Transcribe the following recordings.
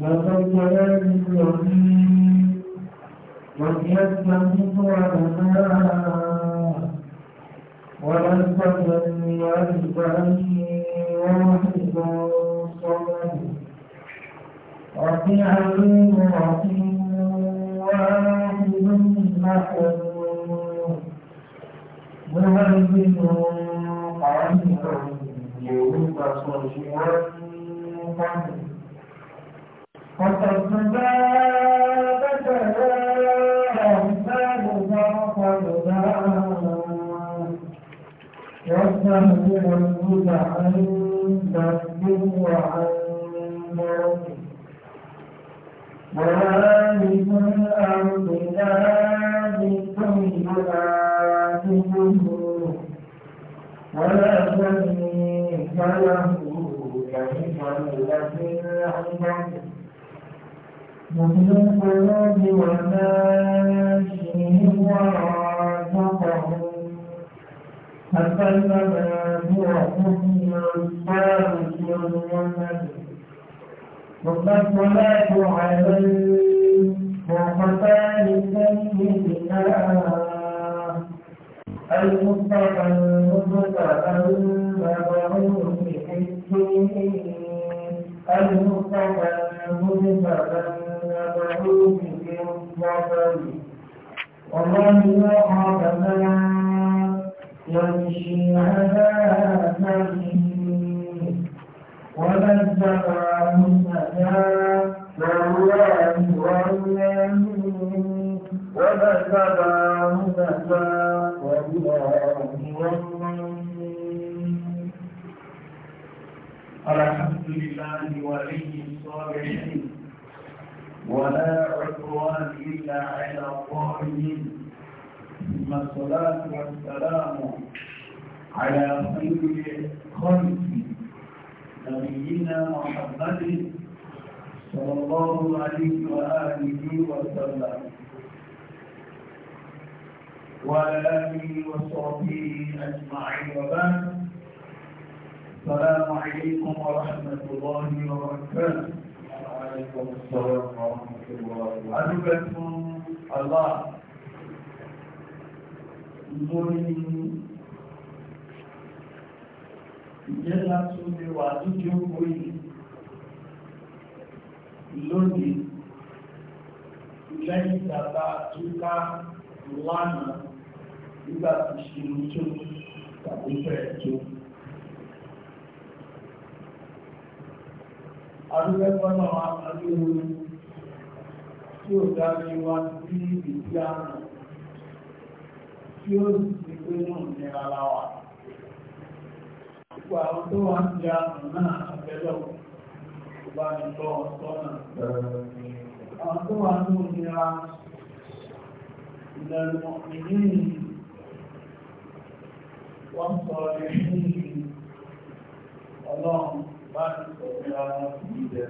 وذكر باليمين وليستمت علماء ولا تظن أربعين واحد صمد رفيع رحيم واحد محروم مهيمن قريب يوم صجوا قبل وقد جاء الرحمن فقد واستهزئ الهدى عن ذنب وعن مرض وآلف الأرض ذلكم يؤاتكم ولا شريك له وفي القلوب وماشيهم وعاتقهم أفل منازعهم للصالح والمنزل والصلاة عليه وختان سيدنا المصطفى المصطفى المبعوث حكيم المصطفى المصطفى عليه بالظفر ومن وهبنا يمشي على نفسه ونزل عنه والله واليمين ونزل عنه والله واليمين الحمد لله ولي الصالحين ولا عدوان إلا على الظالمين ثم الصلاة والسلام على خير خلق نبينا محمد صلى الله عليه وآله وسلم وعلى آله وصحبه أجمعين وبعد السلام عليكم ورحمة الله وبركاته عليكم السلام ورحمة الله وبركاته الله lórí ìjẹ́ láti lè wà lójú owó yìí lónìí lẹ́yìn tàbá túká lánàá nígbà tí ṣe ń tó tàbí bẹ̀rẹ̀ tó. adúgbẹ́gbọ́nà àtàlú tí ó dárí wá sí ìdí àmà tí ó sì pé náà ní ara wa. Ipò àwọn tó wá ń jẹ àmà náà àbẹ́lọ̀ kò bá ní tọ́ ọ̀tọ́nà. Àwọn tó wá ní òmìnira ìlànà ìlú wọ́n sọ ẹ̀ṣin ọlọ́run. ما تستطيع مفيدا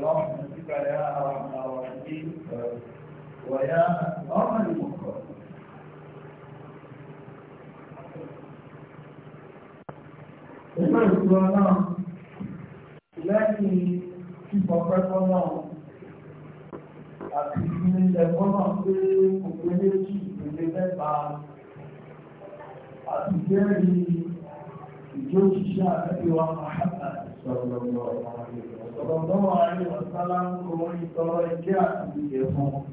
برحمتك يا ارحم الراحمين ويا ارحم المكرمين Ìgbà ìgbà náà lẹ́yìn ìfọ̀pẹ́ fọ́nà àti ìpínlẹ̀ fọ́nà pé kò pé méjì ìpínlẹ̀ mẹ́ta àti jẹ́rìí جو شاء أبي ومحمد صلى الله عليه وسلم صلى الله عليه وسلم كوني ترجع بيهم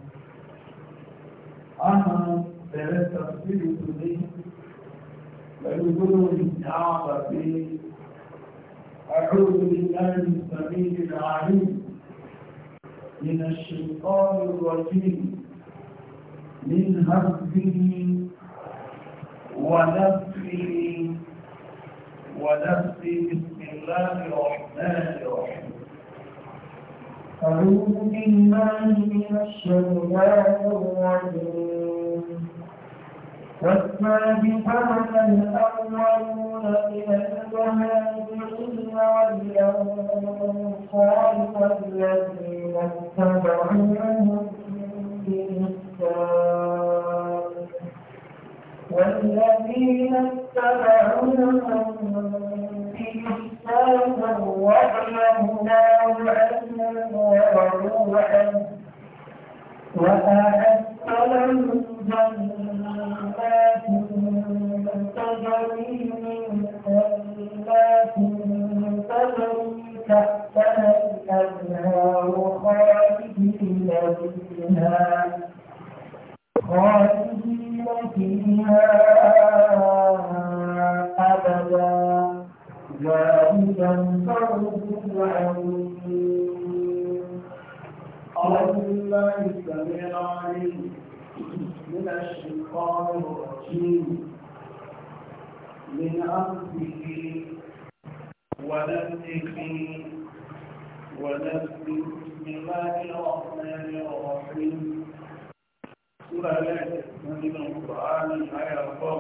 أنا درست تفسير سني ويقولوا استعاذ بي أعوذ بالله السميع العليم من الشيطان الرجيم من همزه ونفسه ونفسي بسم الله الرحمن الرحيم أعوذ بالله من الشيطان الرجيم والسابقون الأولون من المهاجرين والأنصار والذين اتبعوهم بإحسان والذين اتبعوهم في وأعلمناه عنهم ورضوا عنه وأعد لهم جنات تجري من جنات تجري تحتها الأنهار خالدين فيها خالدين فيها أبدا ذلك الفوز العظيم أعوذ بالله السميع من الشيطان الرجيم من عبده ونفسه ونفسه بسم الله الرحمن الرحيم súra lẹ́yìn nínú Kùránì àyà ọ̀pọ̀.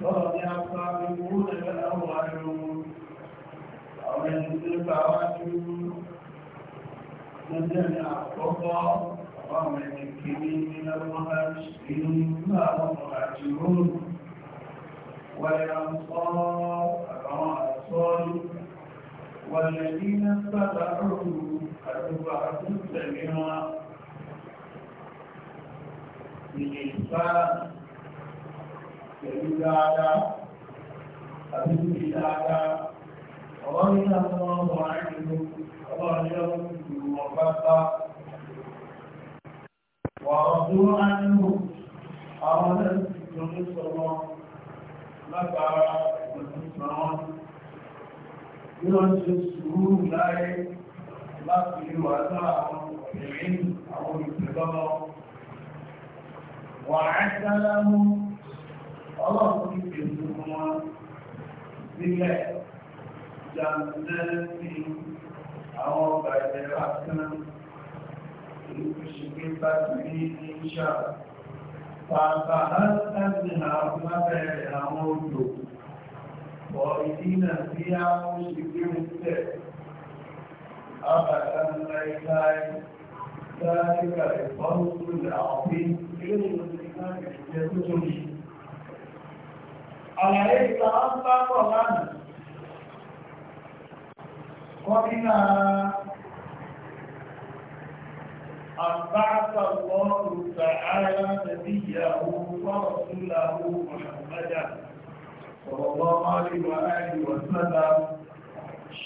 Lọ́wọ́ ni a pa ìwúrú ẹgbẹ́ láwọn ariwo, àwọn ẹni tí ó bá wá ní lọ́jọ́ ní àkọ́kọ́, àwọn ẹni kìíní ní lọ́wọ́ inú nígbà àwọn àjírò. والأنصار أبعى أصال والذين اتبعوا أتبعوا السميرة بالإحسان يجوز هذا أبوك هذا رضي الله عنه رضيه وفقه ورضوا عنه أراد النبي صلى الله عليه وسلم يوم تسرور لا يبقى ولا أمر العلم أو الكبار وعسله الله يجزيكم بالله جنات أو بدرات شبكت به إن شاء فأتحدث منها مبارها موت خالدين فيها مشركين أبدا ليس ذلك الفوز العظيم ẹ̀kú tó ní. Àlàyé ìta ń bá pọ̀ lánàá. Wọ́n ní na àbáta lọ́rù tààrà tàbíyàwó wọ́rọ̀ tó láwó Mùhàmmádà. Sọ̀rọ̀ lọ́ máa rí wa láì wọ̀ sọ́dá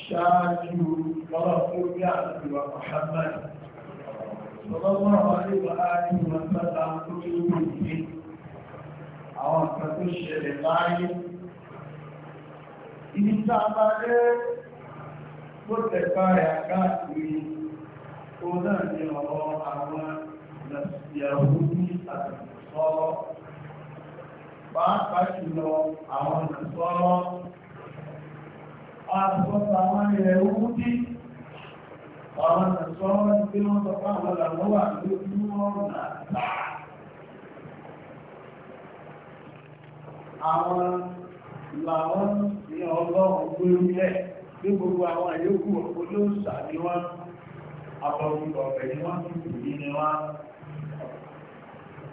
ṣáájú lọ́rọ̀ tó bí àti wa Mùhàmmádà. Ọlọ́gbọ́n àríwá ààrin mọ̀tọ́ta tó ní ìpè àwọn kan tó ṣẹlẹ̀ láyé. Ibi tá a bá dé tó tẹ̀ka rẹ̀ káàkiri, ó náà ní ọ̀rọ̀ àwọn ìyàwó ní àtìsọ́rọ̀. Pàápàá jùlọ àwọn ìsọ́rọ̀, àtìsọ́ta wọn ilẹ̀ owó àwọn ìṣọ́rọ́ tí wọ́n sọ fún àwọn ọ̀làwọ́ wà lójú ọ̀nà àgbà àwọn làwọn ní ọlọ́run gbérúlẹ̀ ní gbogbo àwọn àyókù olóòṣà ni wọ́n àbọ̀gbọ̀ ọ̀fẹ́ ni wọ́n ti kù ní wọn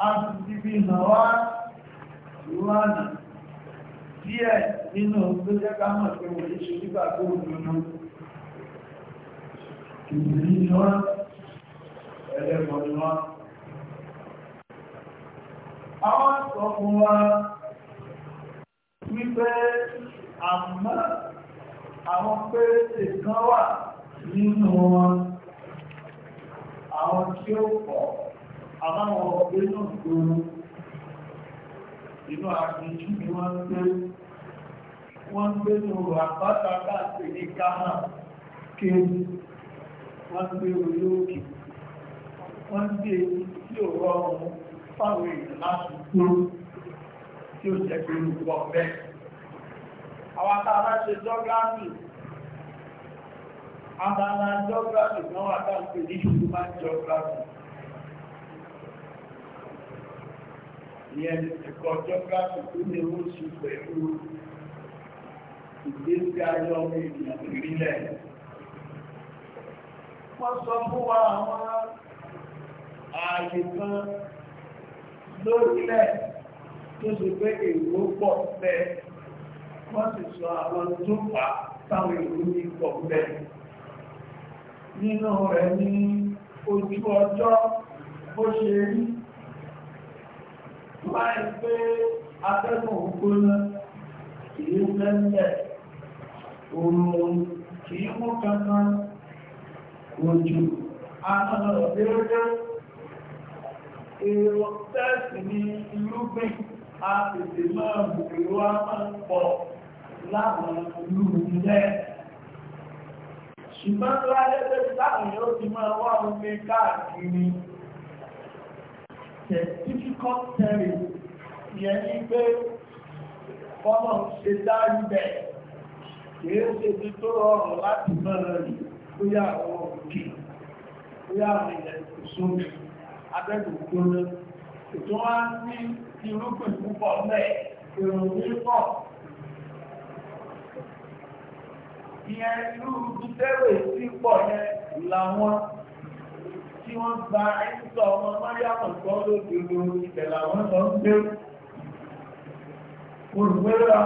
a ti ti fi hàn wá ìwọ́nà díẹ̀ nínú tó jẹ́ ká mọ̀ pé wọ́n ní ṣe nígbà tó ń dúdú ìgbìlì ni wọ́n ẹlẹ́gbọ̀n ni wípé àmọ́ àwọn wà nínú wọn àwọn tí ó pọ̀ àbáwọn ọ̀gbẹ́ náà inú àgbẹ̀jú ni wọ́n gbé wọ́n gbé ní ọ̀rọ̀ káàkiri wọ́n gbé orí òkè wọ́n gbé tí ò rọrùn fáwọn èèyàn láti kúrò tí ó jẹ́ pé olùkọ́ ọ̀fẹ́ àwọn àtàrà ṣe jọ́gáàmì àtàrà jọ́gáàmì kan wà táàpé ní ṣùgbọ́n máa jọ́gáàmì ìyẹn ẹ̀kọ́ jọ́gáàmì tó ní owó pẹ̀lú ìgbésí ayọ́ ìrìnlẹ̀ wọ́n sọ fún wa àwọn ààyè kan lórílẹ̀ tó ṣe pé èrò pọ̀ bẹ́ wọ́n sì sọ àwọn tó pa táwọn èrò ní pọ̀ bẹ́ nínú rẹ̀ ní ojú ọjọ́ bó ṣe rí láì pé atẹ́gùn gbóná kìí fẹ́ ń bẹ̀ òun kìí mú kankan lójú àtọ́lọ̀ pé èrò tẹ́ẹ̀sì ní irúgbìn a tètè máa bù èrò a máa ń pọ̀ láwọn ìlú ilẹ̀ ṣùgbọ́n láyé pé láwọn yóò ti máa wá omi káàkiri tẹ̀ difficult terrain yẹn ní pé fọ́nà ṣe dárí bẹ̀ kìí ṣe ti tó rọrùn láti mọ́ra rìn bóyá àwọn òkè bóyá àwọn ilẹ̀ ìsómi abẹ́gùn gbóná ètò wá ní irúgbìn púpọ̀ lẹ́ ìròyìn pọ̀ ìyẹn irú dúdẹ́rẹ̀ sí pọ̀ yẹn làwọn tí wọ́n gba ẹ́sọ̀ ọmọ mọ́ríàmọ̀ tó lóde lo ibẹ̀ làwọn lọ ń gbé olùgbéra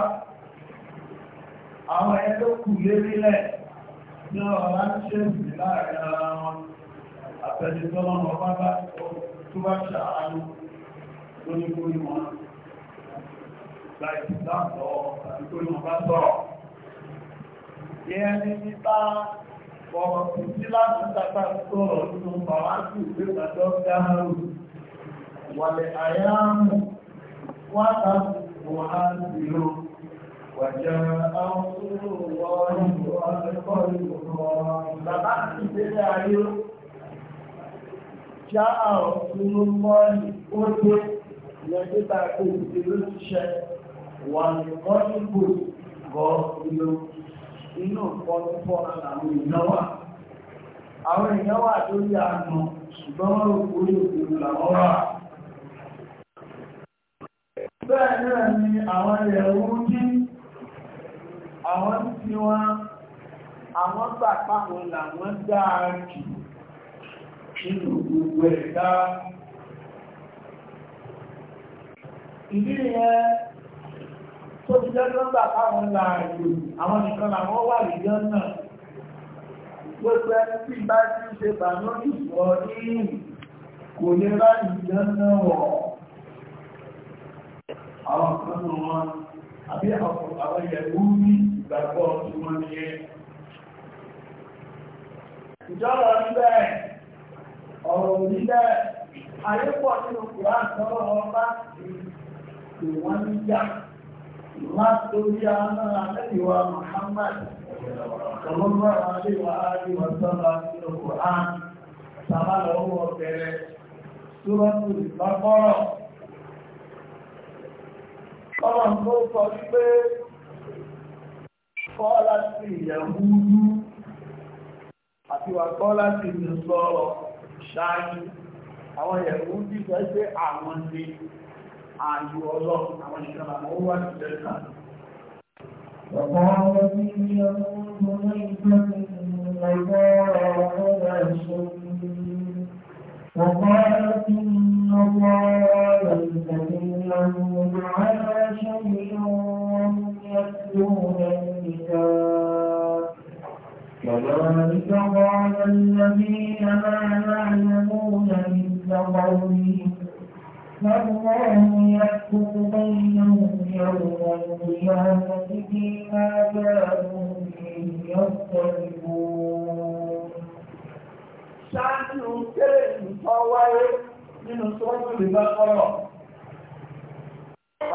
àwọn ẹgbẹ́ kù lérílẹ̀ ní ọ̀rá ń ṣe ìrìn láàrin ara wọn àtẹ́jẹ́tọ́lọ́nà ọba bá tó bá ṣàánú lórí kórí wọn láìsí láàpọ̀ àti kórí wọn bá sọ̀rọ̀ yẹ́ ní bá ọ̀rọ̀ sí sí láti tàbí sọ̀rọ̀ nínú bàwájú ìgbẹ́gbàjọ́ gáàrù wàlẹ̀ àyáàmù wátàkùn wọ́n á sí lóòrùn وجاء رسول الله وألقى القرآن بقى في جاء رسول الله أتي يجب أن تدرس inú ọ̀pọ̀lọpọ̀ àwọn ìnáwà àwọn tó àmọ́ ṣùgbọ́n orí làwọ́wà bẹ́ẹ̀ náà ni àwọn àwọn tí wọ́n àwọn gbà làwọn dáa jù nínú gbogbo ẹ̀dá ìdí ìyẹn tó ti jẹ́ lọ́gbà káwọn àwọn nìkan làwọn wà lèyàn náà gbogbo ẹni tí bá ṣe bà lórí ìwọ̀ ní kò lè náà wọ̀ àwọn kan náà wọn àbí ìgbàgbọ́ tí wọ́n ní ẹ́ ìjọba níbẹ̀ ọ̀rọ̀ níbẹ̀ ayépọ̀ nínú kùrán sọ́rọ̀ ọba tí wọ́n ní já látòrí Ọlọ́run tó sọ wípé kọ́ láti ìyẹ̀wúrú àti wà kọ́ láti ìsọ̀rọ̀ ṣáájú àwọn ìyẹ̀wú tí sọ pé àwọn ti ààyò ọlọ́run àwọn nìkan àwọn ó wà ní ẹ̀ka وقالت اليهود ليست النصارى ولا وقالت إن الله ليس اليهود على شيء يتلون النساء كذلك قال الذين لا يعلمون مثل قولهم فالله يحكم بينهم يوم القيامة فيما كانوا فيه يختلفون ṣáájú kéèkì tó wáyé nínú sọ́jú ìbákọ́rọ̀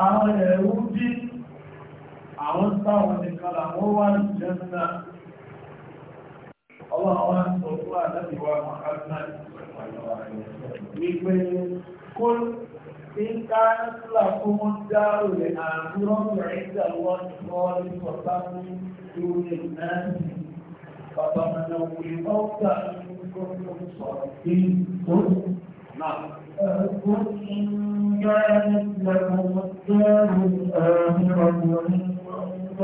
àwọn ẹ̀rú bí àwọn táwọn nìkan làwọn wà ní jẹ́nà ọlọ́wọ́ sọ fún àdábìwà Muhammad wípé kó ìka nílà fún dáàrù rẹ̀ àrùn rọ́pùrẹ̀ ìjà wọ́n wọ́n ní sọ̀tá ní lórí náà bàbá mọ̀nà òwe ọ́gbà ní gómìnà sọ̀rọ̀ sí tó náà. قل إن كانت لكم الدار الآخرة عند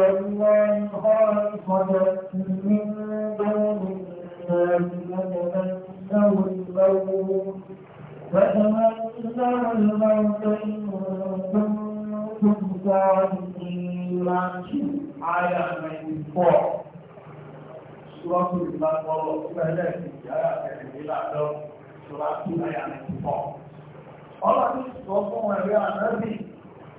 الله خالصة من دون الناس وتمنوا الموت وتمنوا الموت إن كنتم صادقين على من فوق سورة البقرة فهذه الآية التي سورة الآية التي فوق قال الله سبحانه وتعالى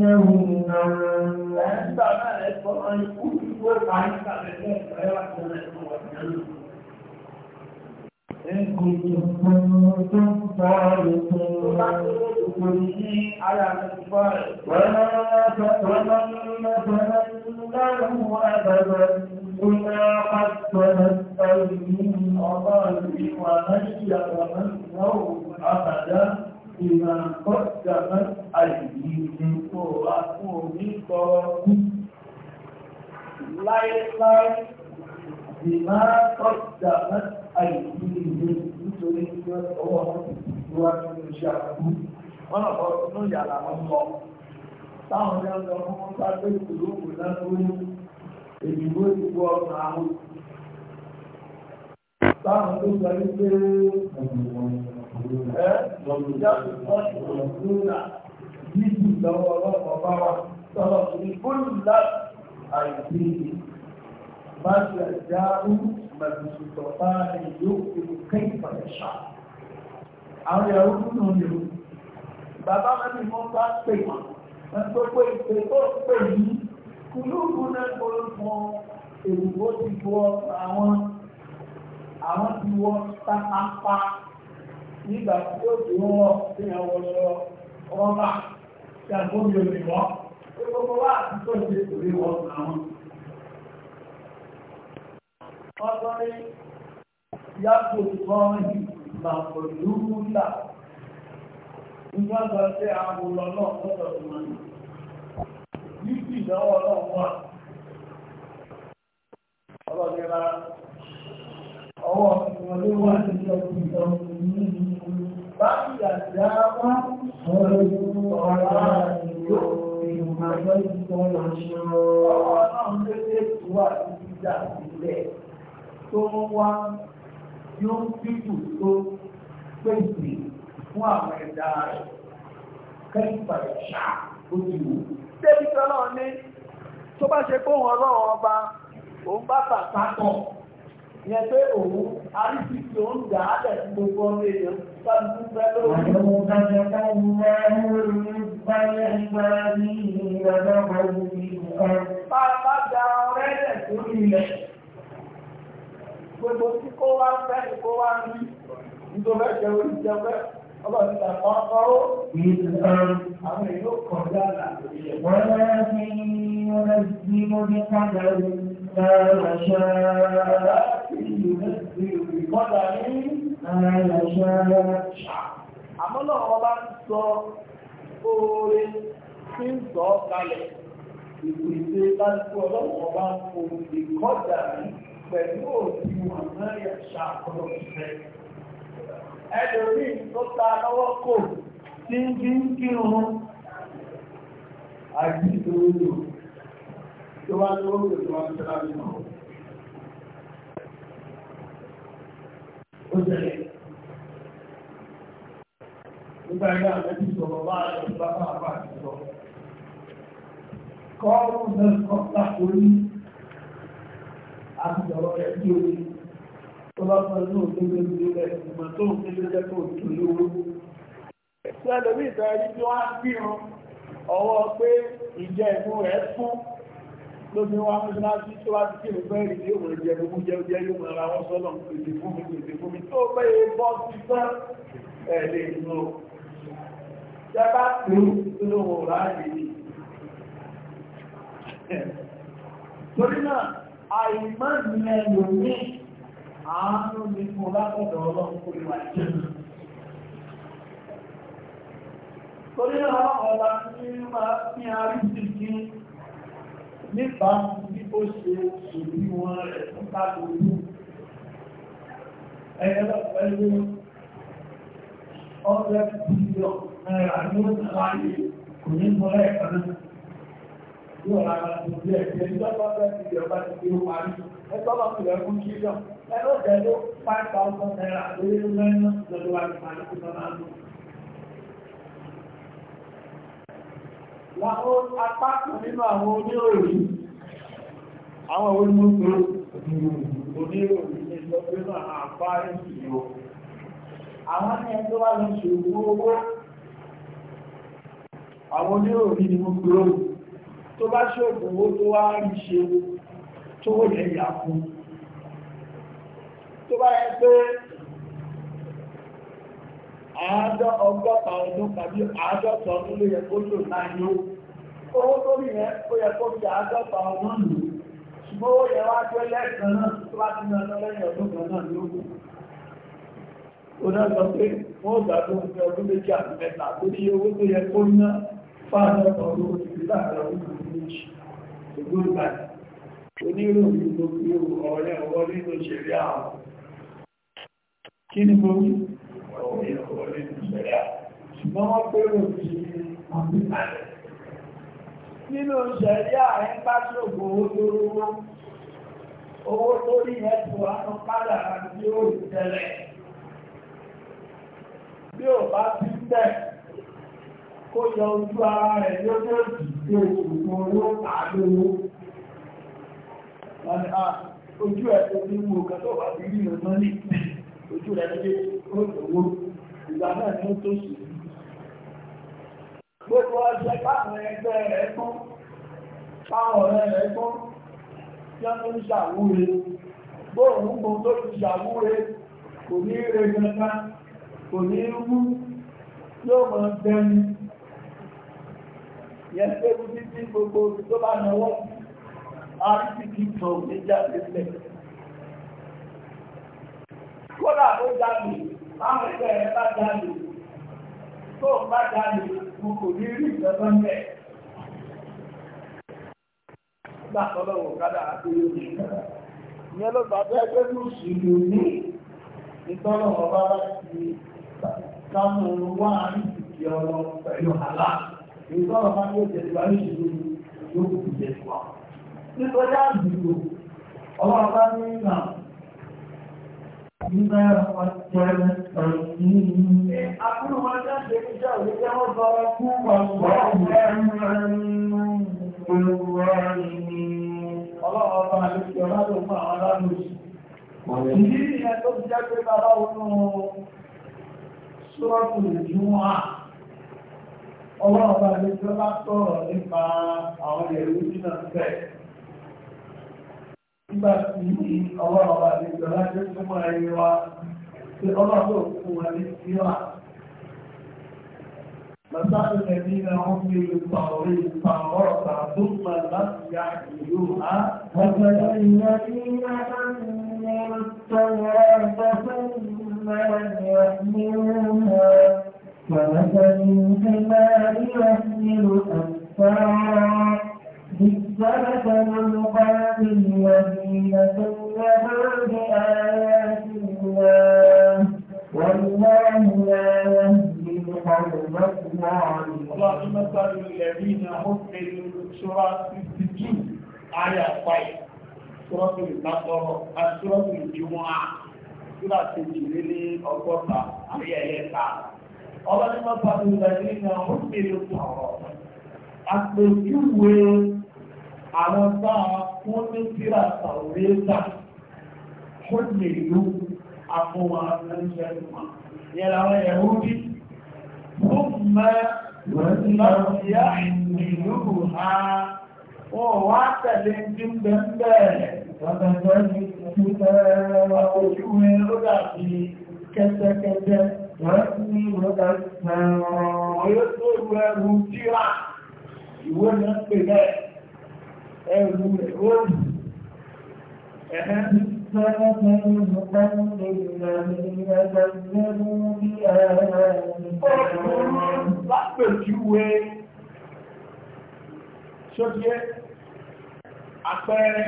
Ọlọ́run ìwà náà yíyàwó náà ọ̀pàdá ìrànkọ́jàmọ́ àìyí ìpò àtún òní kọrọkú láíláí ìrànkọ́jàmọ́ àìyí ìlú nítorí tí ọwọ́ ìwájú iṣẹ́ àkú wọ́n lọ́pọ̀ inú yàrá wọn lọ táwọn yàrá wọn mọ́ bá gbé ìlú òkú náà lórí èdìbò ìgbọ́ ọ̀nà àwọn táwọn tó sọ ní pé ẹ lọ́dúnjá tó tọ́jú lọ́dúnjá yíjú lọ́wọ́ ọlọ́pàá bá wà sọ̀rọ̀ ní kólúlá àìsí bá ti àjáàrú màdùsùtọ̀ bá ní yóò fi kéèkì pàṣà. Àwọn ìyàwó nínú ni o. Bàbá mẹ́rin mọ́ bá pè wọ́n. Wọ́n tó pé ìpè tó pè yìí. Kùlùkù náà gbọ́dọ̀ fún èrò bó ti bọ́ àwọn àwọn ti wọ sápá nígbà tí ó ti wọ́ sí àwọn ọ̀ṣọ́ rọ́bà tí a gbóbi omi wọ́ gbogbo wa àti tó ṣe orí wọ́n àwọn. ọ̀sán ní yàtọ̀ ìfọ́nrin màpọ̀lúlà nígbàgbà tí àwọn olọ́lọ́ lọ́dọ̀ tó máa ń yíkì ìdánwò ọlọ́run wà ọlọ́dẹ́ra ọwọ́ ìwọ̀n ló wà ní ọdún ìjọba ní ìlú báyìí àti àwọn ọ̀rọ̀ ìlú ọ̀rọ̀ ìlú ìrùmọ̀jọ́ ìjọba ṣọ́rọ̀ ọ̀rọ̀ náà lókè tó wà ní ìjà ìlẹ̀ tó ń wá yóò dídù tó pèsè fún àwọn ẹ̀dá rẹ̀ kẹ́yìnpà ìṣà ojúwò. Débi kan náà ní tó bá ṣe pé òun ọlọ́run ọba òun bá bàtà kan yẹn pé òun arísìkì òun dà á lẹ̀ fún gbogbo ọmọ èèyàn sábùkú fẹ́ lórí. àwọn ọmọ ẹ̀ka ìwé ẹ̀rọ báyẹ̀ ìgbà ní ìrọ̀lẹ́ ọ̀gbọ̀n ìgbà. bàbá da ọ̀rẹ́ rẹ̀ sórí ilẹ̀ gbogbo tí kó wá fẹ́ ni kó wá rí nítorí ẹ̀jẹ̀ orí jẹ́fẹ́ ọba ti tàbí ọkọ̀ ó àwọn èèyàn kọjá là. wọ́n rẹ́ sí ọ̀rẹ́ sí mo ní kájà ما نشاء ينزل بقدر ما نشاء àmọ́ náà wọ́n bá ń sọ oore tí ń sọ ọ́ kalẹ̀ ìpèsè lásìkò ọlọ́wọ́ bá ń fò ìkọ́jà rí pẹ̀lú òbí wọn náà yẹ ṣàkóso ìfẹ́. ẹlòmí tó ta lọ́wọ́ kò tí ń bí ń kírun àti ìdòwò tó wá ní oúnjẹ tó wá ń tẹ́lá ní ọ̀rọ̀. Ó jẹ́lẹ̀. Nígbà ilé àmẹ́tí sọ̀rọ̀ bá àyè bá bá bá àti sọ. Kọ́ọ̀rù náà kọ́ láti orí àti sọ̀rọ̀ rẹ̀ sí orí. Tó bá fọ́ inú òkèlè ìlú rẹ̀ ìgbà ló fi wá mú láti tó wá sí ìlú bẹ́ẹ̀rì ní òun ẹ̀jẹ̀ ló mú jẹ́ ojú ẹ̀yọ́ mọ̀ ara wọn sọ́lọ̀ pèsè fún mi pèsè fún mi tó bẹ́ẹ̀ bọ́ sí sán ẹ̀ lè nù torí náà àìmọ́ ìrìnlẹ̀ lòmí àánú ni mo látọ̀dọ̀ ọlọ́run kó lè wà torí náà ọ̀la ní máa fi àrí sí kí nípa bí ó ṣe ṣòrí wọn rẹ̀ fún káàkiri ẹ̀yẹ́lọ pẹ̀lú ọ̀rẹ́ bílíọ̀ náírà ní ó ti láyé kò ní mọ́ ẹ̀kan náà yóò rárá tó bí ẹ̀kẹ́ ìjọba bẹ́ẹ̀ ti yọba ti ela deu parí ẹgbọ́n bá fi lẹ́kún kílíọ̀ ẹ̀rọ jẹ́ deu a náírà lórí lẹ́yìn lọ́dọ̀ wà ní láwọn apákan nínú àwọn oníròyìn àwọn onímọ̀tò oníròyìn ní ìjọba náà àpá ìsìnkú àwọn ní ẹjọ́ wà ní ṣòwò owó àwọn oníròyìn ni mo kúrò tó bá ṣòkò tó wá rí ṣe tó wọ́n yẹ fún tó bá yẹ pé àádọ́ ọgọ́ta ọdún tàbí àádọ́ta ọdún ló yẹ kó lò láyé owó tó rí yẹn ó yẹ kó fi àádọ́ta ọdún lò ṣùgbọ́n ó yẹ wá jẹ́ lẹ́ẹ̀kan náà tó bá ti náà lẹ́yìn ọdún kan náà ní ogun ó náà sọ pé wọ́n gbà tó ń fẹ́ ọdún méjì àti mẹ́ta tó ní owó tó yẹ kó ná fáàdọ́ta ọdún ó ti fi láàárọ̀ méjì ṣùgbọ́n ìgbà oníròyìn tó fi ọ̀rẹ́ ọwọ́ nínú ìṣẹ̀rí àwọn kí ni mo òun ìrọ̀wọ́ nínú ìṣẹ̀dá ṣùgbọ́n wọ́n pérò ti àbíkàlẹ̀ nínú ìṣẹ̀dá ẹ̀ bá ṣògbò owó tó rówó owó tó rí ẹ̀tọ́ àwọn pálà àti ó tẹ̀lẹ̀ bí ò bá ti tẹ̀ kó yọ ojú ara rẹ̀ lójóòjì tí òṣùgbò owó ah, ojú ẹ̀ ti mú ọkà tó bá ti rí ọmọ ní ìpínlẹ̀ ojú rẹ̀ níbi olówó ìgbà náà ni ó tó sì. Gbogbo ọjọ́ káwọn ẹgbẹ́ rẹ̀ gbọ́n, káwọn ọ̀rẹ́ rẹ̀ gbọ́n, tí wọ́n tó ń ṣàwúre. Bóòrùn gbọ́n tó ti ṣàwúre, kò ní re gangan, kò ní wú, yóò mọ̀ gbẹ̀mí. Yẹn pé títí gbogbo tó bá náwó, a ti kí kan ní jáde kódà tó jáde láwọn ẹgbẹ́ bá jáde tó bá jáde mo kò ní rí ìjọba ń bẹ̀. nígbà tó lọ́wọ́ kádà ìyẹn ló gbà ẹgbẹ́ ọba ọlọ pẹ̀lú àlá yóò kù nítorí àdúgbò ọlọ́ọ̀bá ní ìlànà بما وكلتني أقول وجدت بجوزك وبركوا والله عن الظالمين الله أعطى لك هذا ما على ọlọ́ọ̀bá ilé tó bá tọ́rọ̀ nípa àwọn èrò ìjìnà fẹ́ nígbà tí ọlọ́ọ̀bà àlejò láti súnmọ́ ẹ̀yẹ wa tí ọlọ́ọ̀bà òkú wa ní síra مثل الذين حملوا التوراة التوراة ثم لم يحملوها مثل الذين حملوا التوراة ثم لم يحملوها كمثل الحمار يحمل أسفارا ثبت من قاتل الذين كذبوا بآيات الله والله لا يهدي القوم الظالمين. اللهم صل الذين حملوا سورة السجين آية 5 سورة البقرة سورة الجمعة سورة الجليل أوكوتا آية 7 اللهم صل الذين حملوا التوراة أتبعوا àwọn bá wọ́n ní síra sàwọ́rẹ́sà fún ìlú àfọwọ́ àtúnṣẹ́ ìmọ̀ yẹn àwọn ẹ̀rú bí fún mẹ́ lọ́síyá ìlúhà ó wá tẹ̀lé tí ń bẹ̀ ń bẹ̀rẹ̀ lọ́sẹ̀sẹ̀ ní ìpínlẹ̀ ojú rẹ̀ ló dàbí kẹ́tẹ́kẹ́tẹ́ lọ́sí lọ́sẹ̀sẹ̀ ọ̀rọ̀ yóò tó ìwé ẹrù jíra ìwé náà pè bẹ́ẹ̀ ẹ̀rù rẹ̀ róòlù ẹ̀hẹ́ Ṣọ́jẹ́ àpẹẹrẹ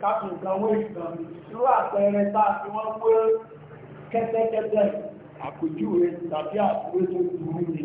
káàkùn kan wé ìtàn ìṣúrò àpẹẹrẹ táà tí wọ́n pé kẹ́tẹ́kẹ́tẹ́ àpèjúwe tàbí àpúwé tó burú nìí.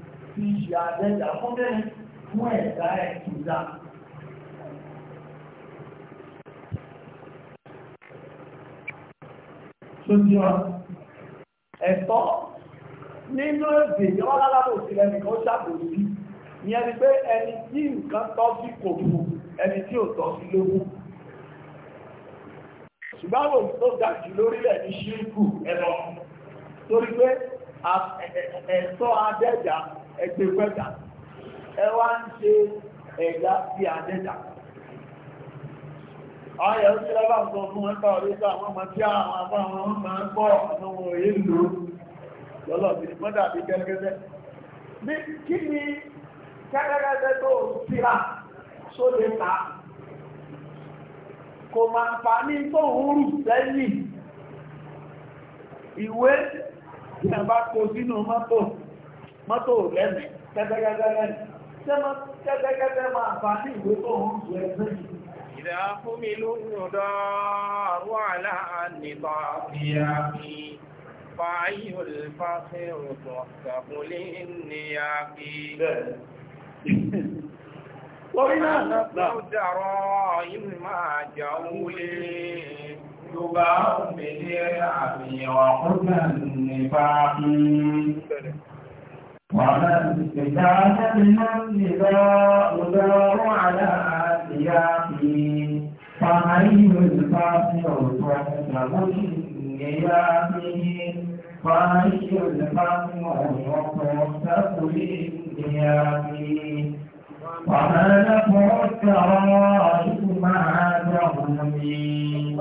fi ṣe àdẹ́jà fún bẹ́ẹ̀ fún ẹ̀dá ẹ̀ tó wa, ẹ̀tọ́ nínú èdè yọ́wọ́ lálábò sí ẹni kan ṣàbòsí, ní ẹni pé ẹni tí nǹkan tọ́ sí kò fún ẹni tí ò tọ́ sí lógún. Ṣùgbọ́n àwọn tó ga jù lórílẹ̀ ní ṣírkù ẹ̀rọ torí pé ẹ̀tọ́ adẹ́jà ẹgbẹ́ pẹ́ta ẹ wá ń ṣe ẹ̀dá sí àdẹ́ta àwọn ẹ̀rọ tí lábà ń sọ fún ẹgbà oríta àwọn ọmọ tí àwọn àbá àwọn ọmọ ń bọ́ àwọn òye lò lọ́lọ́ sí mọ́dà bí kẹ́lẹ́kẹ́lẹ́ ní kí ni kẹ́lẹ́kẹ́lẹ́ tó síra só lè ta kò máa ń fa ní tó ń rù sẹ́yìn ìwé tí a bá kó sínú mọ́tò mọ́tò lẹ́mìí kẹ́tẹ́kẹ́tẹ́ ìdá fún mi ló ń yọ̀dọ̀ wà láàánìbà fìyàfi fàáyì olùfàṣẹ òtò ṣàkúnlé níyàfi. Torí náà, ó dàrọ ìmú máa jà wúlé. Yorùbá ó mèlé àmì ọ̀kúnlẹ̀ ومن بتعت المن ذا أدار على آسياته فحيه الكافر تحسب لنياته فحي الكافر تحسب لنياته وما نفع الترائب ما تغني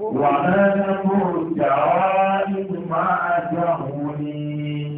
وما نفع الترائب ما تغني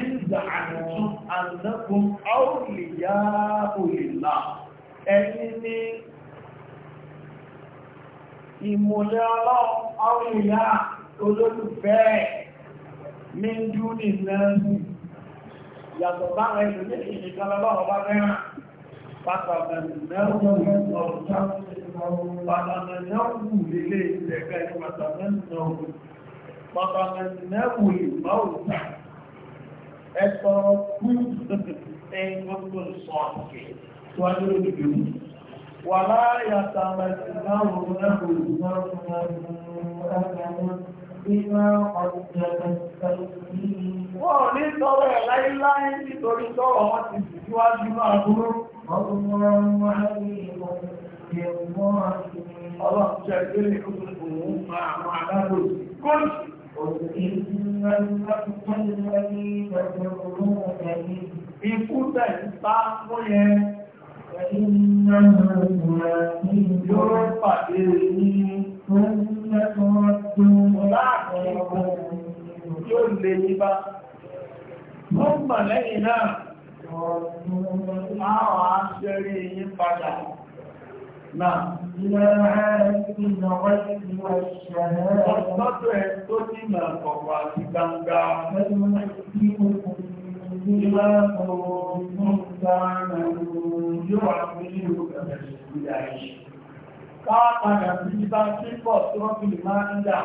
ìzà àtún àdínákùn áòlìyà òlìlà ẹni ní ìmọ̀lẹ̀ ọlọ́run áòlìyà olólùfẹ́ mẹ́jú ní náàbì yàtọ̀ báwọn ẹ̀lú ní ìṣẹ̀kan lọ́wọ́ bá mẹ́ràn Pàtàkì mẹ́wùn lè máa ẹ sọ̀rọ̀ fún ẹyin gbogbo sọ àti tíwájú lórí ìlú. Wà láàyà tààmà sí láwọn onáwó ìgbọ́n Wọ́n ní sọ́rọ̀ ẹ̀ láíláí nítorí sọ́rọ̀ wọn ti sì síwájú máa búrú. Ọlọ́run ṣe gbé ní ọdún òun máa máa dágbò. Kọ́lù قل إن الحق الذي تدعون به بكل الطعم فإنه من يرفع به ثم تردون معكم كل لبا ثم لئنا Àwọn aṣẹ́rí yí padà Náà. Ìlànà ìgbìnà wáyé ni wọ́n ṣẹ̀rẹ̀. Ọ̀sọ́tọ̀ ẹ̀ tó dínà ọ̀pọ̀ àti gbangba. Mẹ́rin ní ọkùnrin ní láàpọ̀ ọ̀gbọ́n sáàrà yóò àgbélé òkèrè ìgbìyà ìṣẹ́. Káàkàrà sí bá kíkọ̀ tí wọ́n fi máa ń dà.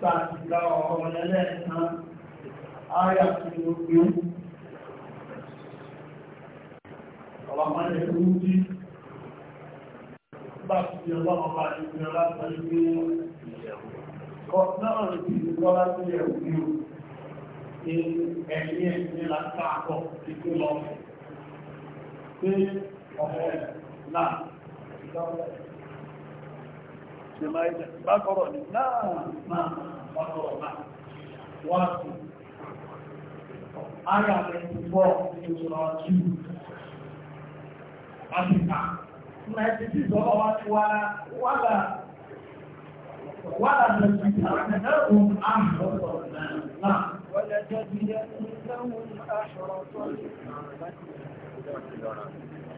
Sàtìlá ọ̀rọ̀ ẹlẹ́ẹ̀kan, áyà tí ó gbé. Ọ̀làmọ́ bá ti di ọlọ́mọ bá ti di ọlọ́mọ ilé kọ náà lè ti di ọlá sí ẹ̀wù ní o ní ẹ̀yìn ẹ̀yìn láti àkọ́ ìpín lọ pé ọ̀rẹ́ náà ṣe máa ìjẹ̀ bá kọ̀rọ̀ ní ninety six ọlọ́ wa wàlà wàlà nàìjíríà nàìjíríà ولتجدنهم أحرص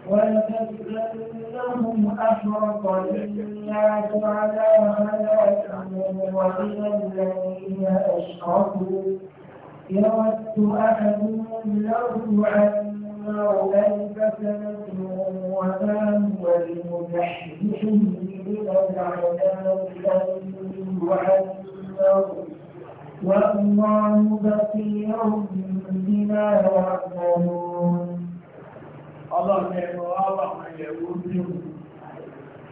ولتجدنهم الناس على حياتهم ومن الذين أشركوا يود أحدهم له عن أولئك سنتهم وما هو بمزحزحه من العذاب أن يعذر والله بصير بما يعملون Ọlọ́run ẹ̀rọ àwọn ẹ̀wò ní òun.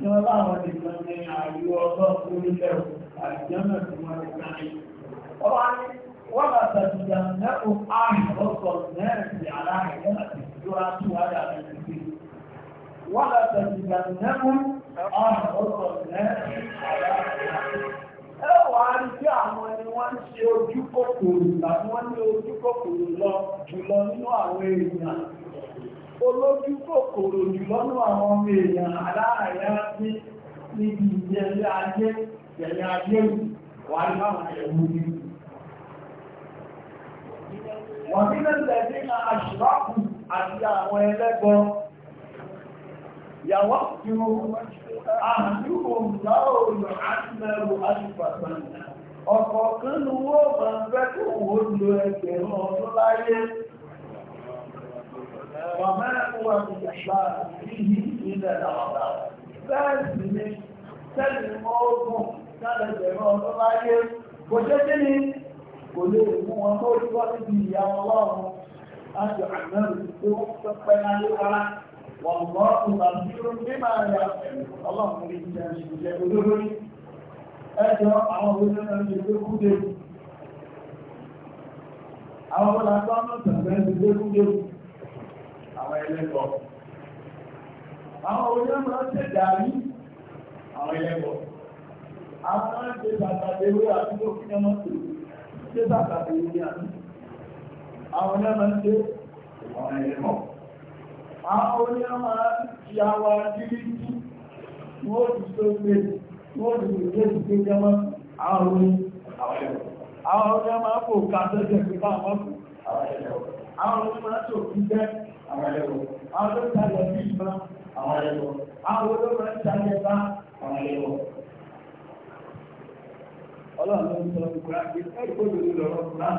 Ní ọlọ́run ti sọ ní àyíwọ́ ọlọ́run orílẹ̀ òun, àìjọ́nà tí wọ́n ti káyé. Ọwá ní wọ́n bàtàkì jà náà ó ààrùn ọkọ̀ náà sí aláàrẹ̀ láti máa tú wádà ní ìgbé wọ́n lọ tẹ̀sí ìgbàmù ọ̀rọ̀ ọ̀rọ̀ lẹ́yìn àyà ẹ wà á rí bí àwọn ẹni wọ́n ń ṣe ojú kòkòrò tàbí wọ́n ní ojú kòkòrò lọ jùlọ nínú àwọn èèyàn olójú kòkòrò jùlọ nínú àwọn ọmọ èèyàn aláàyà ní níbi ìjẹ̀lẹ̀ ayé ìjẹ̀lẹ̀ ayé wà ní àwọn ẹ̀wù ní wọ́n nílẹ̀ lẹ́dínà àṣìláàkùn àti àwọn ẹlẹ́gbọ́ yàwó tí ó àdúgbò láòrò àtìmẹ́rù àtìpàtà ọ̀pọ̀ kan ní wó bá ń fẹ́ kò wó lo ẹgbẹ̀rún ọdún láyé wà mẹ́rin ní ìgbà ìhì ilẹ̀ àwọ̀dá ni tẹ́lì mọ́ ogun tẹ́lẹ̀gbẹ̀rún ọdún láyé kò jẹ́ kí ni kò lè mú wọn tó rí wọ́n níbi ìyá ọlọ́run àjọ àná tó tó pẹ́ láyé rárá wọ́n mọ́ ìbàdúró bí máa ya ọlọ́run ní ìjẹ́ ìṣẹ́ olórí ẹjọ́ àwọn olóòrùn náà ti gbé kúdé àwọn ọmọdé àtọ́nà tẹ̀lé ti gbé kúdé àwọn ẹlẹ́gbọ́ àwọn olóòrùn náà ti dàrí àwọn ẹlẹ́gbọ́ àwọn ọmọdé bàtàdé wé àti lókínẹ́mọ́tò ṣé àti àwọn onímọ̀ ń ṣe ọ̀nà ìrìnmọ̀ àwọn onímọ̀ ya wa díríjì wọ́n ti tó gbé wọ́n ti gbé ti gbé jẹmọ́ àwọn orin àwọn onímọ̀ kò ká tẹ́jẹ̀ pé bá wọn kù àwọn onímọ̀ tó kú jẹ́ àwọn tó tàbí bí ìmọ̀ àwọn olóòrùn tàbí bá ọlọ́run tó ń sọ ìkùnrin ẹgbẹ́ òdòdó lọ́rọ̀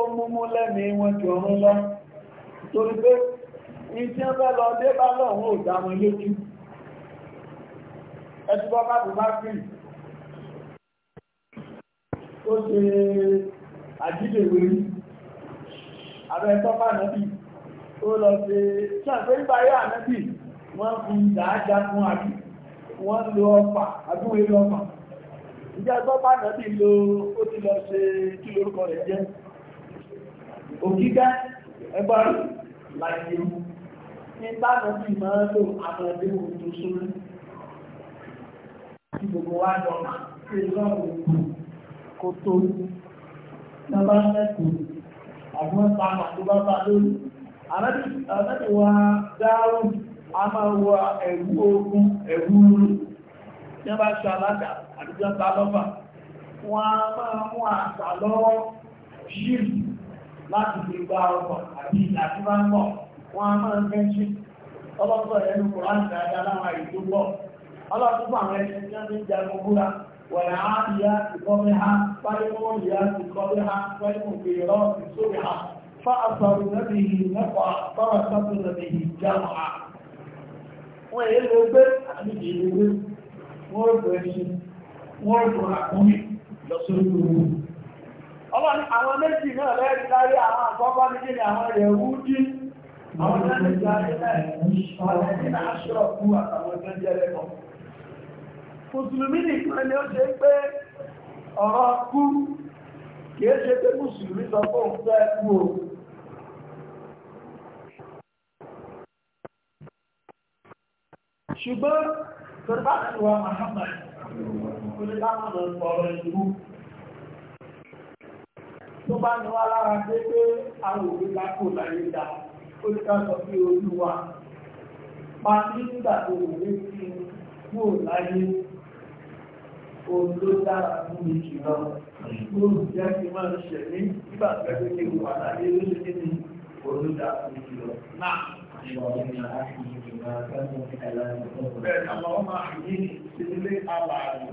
ó múmú lẹ́mí wọn jù ọrún lọ torí pé iṣẹ́ bẹ́ lọ dé bá lọ́wọ́ ò dámọ́ lójú ẹtùbọ́ bá bù bá fi ó ṣe àjídèwé àbẹ́ ẹ̀tọ́ bá nàbì ó lọ ṣe ṣàpé nígbà yóò ànábì wọ́n fi dáadáa fún àbí wọ́n lo ọfà àbúwé lọ́fà ìjẹ́ ẹ̀tọ́ bá nàbì lo ó ti lọ ṣe kí lórúkọ rẹ̀ jẹ́ òkíkẹ́ ẹgbà láyé ní bára sí máa lò àmọ́dé òjò sórí tí gbogbo wá jọ sí lọ́rùn kó tó lọ́bá mẹ́kù àwọn sáàmà tó bá bá lórí àmẹ́tìwà dáhùn a máa wọ ẹ̀wú ogun ẹ̀wú rú tí wọ́n bá ṣe alága àdúgbò ta lọ́fà wọ́n a máa mú àṣà lọ́wọ́ ṣíìlì láti fi gba ọkọ̀ àti ìdàtí ń bọ̀ wọ́n a máa ń gẹ́ṣí ọlọ́pọ̀ ẹnu kò láti dáadáa láwọn àìtó pọ̀ ọlọ́pọ̀ àwọn ẹni tí wọ́n ti ń wọ̀nà ha ha ha ọlọ́ni àwọn méjì náà lẹ́rí láyé àwọn àkọ́kọ́ méjì ni àwọn ẹ̀rẹ̀ wú dí àwọn ẹ̀rẹ̀ láyé láyé ṣùgbọ́n tó bá ti wà Muhammad kò ní láwọn ọ̀pọ̀ ọ̀rọ̀ ìlú tó bá ní wá lára dé pé àwọn òwe lápò láyé dá ó ti ká sọ pé olúwa pa ní nígbà tó òwe ti mú ò láyé òun ló dára fún mi jùlọ olùjẹ́ ti máa ń ṣẹ̀ ní nígbà pẹ́lú kí wà láyé ló ṣe ní òun dára fún mi jùlọ náà. àwọn ọmọ àyè ìdílé alààyè.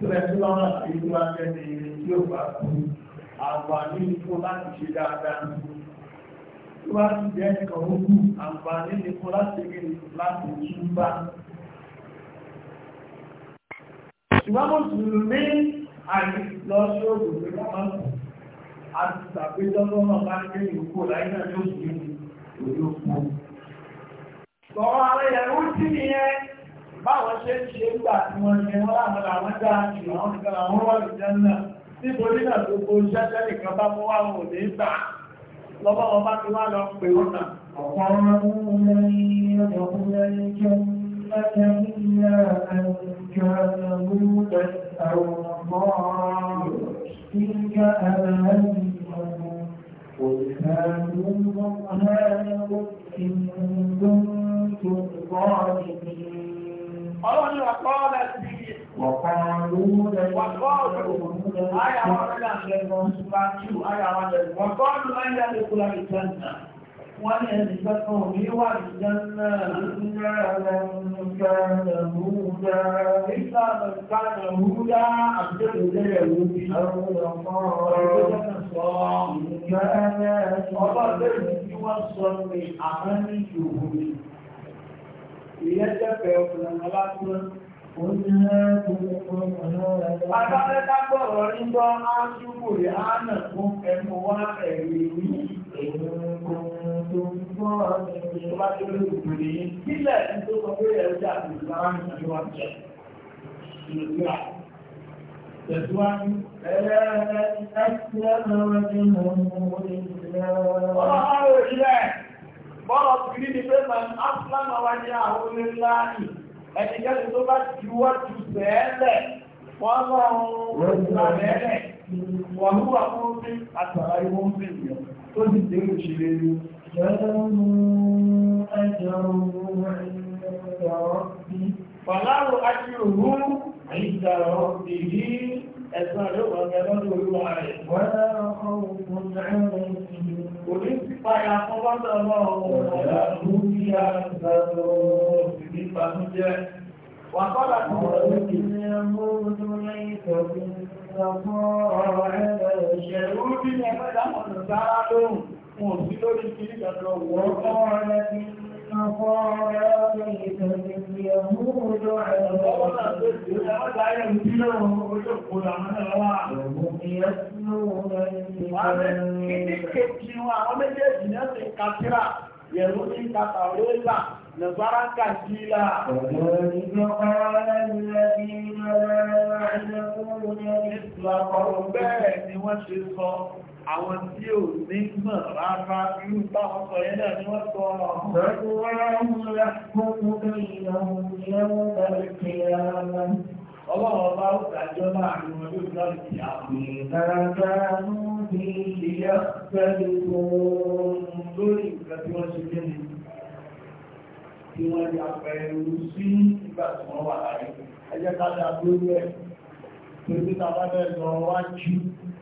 Tẹ́lẹ̀túlọ́nà tí ó bá jẹ́ ní ilé tí ó bá kú, àǹfààní ni fún láti ṣe dáadáa. Tó bá ti jẹ́ nìkan ó kú, àǹfààní ni fún láti gbé láti túbá. Ṣùgbọ́n mo sùúrù ní àyè lọ sí òògùn pé ká máa kù. A ti ṣàpéjọ́ lọ́nà bá ń gbé ìrúkò láyé náà yóò sì ní òyìnbó. Sọ̀rọ̀ àwọn báwọn ṣe ń ṣe gbà tí wọ́n ṣe wọ́n láwọn àwọn dá ìlú àwọn nìkan àwọn wà lè náà nítorí náà tó kó ṣẹ́ṣẹ́ nìkan bá mú wáwọn ò ní gbà lọ́wọ́ wọn bá ti wá lọ pè wọ́n náà. ọ̀pọ̀ ọmọ ọmọ ọmọ ọmọ ìjọ أتمنى أن وقالت لي وقالوا وقالوا أي أولا وقالوا أن يدخل الجنة وأن يدخل هو الجنة إلا من كان هودا إلا من كان هودا أبدل له أو نصارى كان أبدل يوصل من عمله ìyẹn jẹ́fẹ̀ ọkùnrin alásán Agbábẹ́ta gbọ́rọ̀ nígbọ́ á ṣúgbò rí ánà fún ẹmú wá ẹ̀rí ní ìrìnkùn tó ń gbọ́ ọ̀rọ̀ tó bá tó lè gbò rí. Sílẹ̀ tó sọ pé ẹ̀rọjà àti ìgbàrán ìjọwájẹ́. Ìrìnkùn tẹ̀síwájú. Ẹ̀rẹ́ bọ́rọ̀ kìí ni pé man áfúlànà wá ní àwọn oníláàrí ẹnikẹ́ni tó bá juwọ́ ju sẹ́ẹ̀lẹ̀ wọ́n lọ́rùn ìgbàlẹ́lẹ̀ wọ́n wà fún bí àtàrà ìwọ́n ń bèèrè tó sì dé òṣèré rí. Fàlárò ajíròrò àìjàrò èyí ẹ̀sùn rẹ̀ wọ́n jẹ́ lọ́dún olúwa rẹ̀. Wọ́n lára ọkọ̀ òun láàrin ìlú. Kò ní pàyà fún bọ́dọ̀ náà ọ̀rọ̀ lórí àgbàdo òbí ìbànújẹ́. Wà kọ́lá kan wọ́n lókè. Ní amóhùn lẹ́yìn tọ́jú ìsọ̀kọ́ ọ̀rọ̀ ẹ̀rọ ìṣẹ̀rú bí ẹgbẹ́ فقال ليت اليهود على وهم يتلون الكتاب يهودي كتاويلا نصارى كتيلا وذلك قال الذين لا يعلمون مثل قومهم وشصا àwọn tí ò ní mọ̀ rárá irú táwọn sọ ni wọ́n sọ ọ̀rọ̀ Ọlọ́run bá ni tí sí ìgbà tí wọ́n wà láàrin. Ẹjẹ́ ká dá lórí ẹ̀ pẹ̀lú tàbátẹ̀ lọ wájú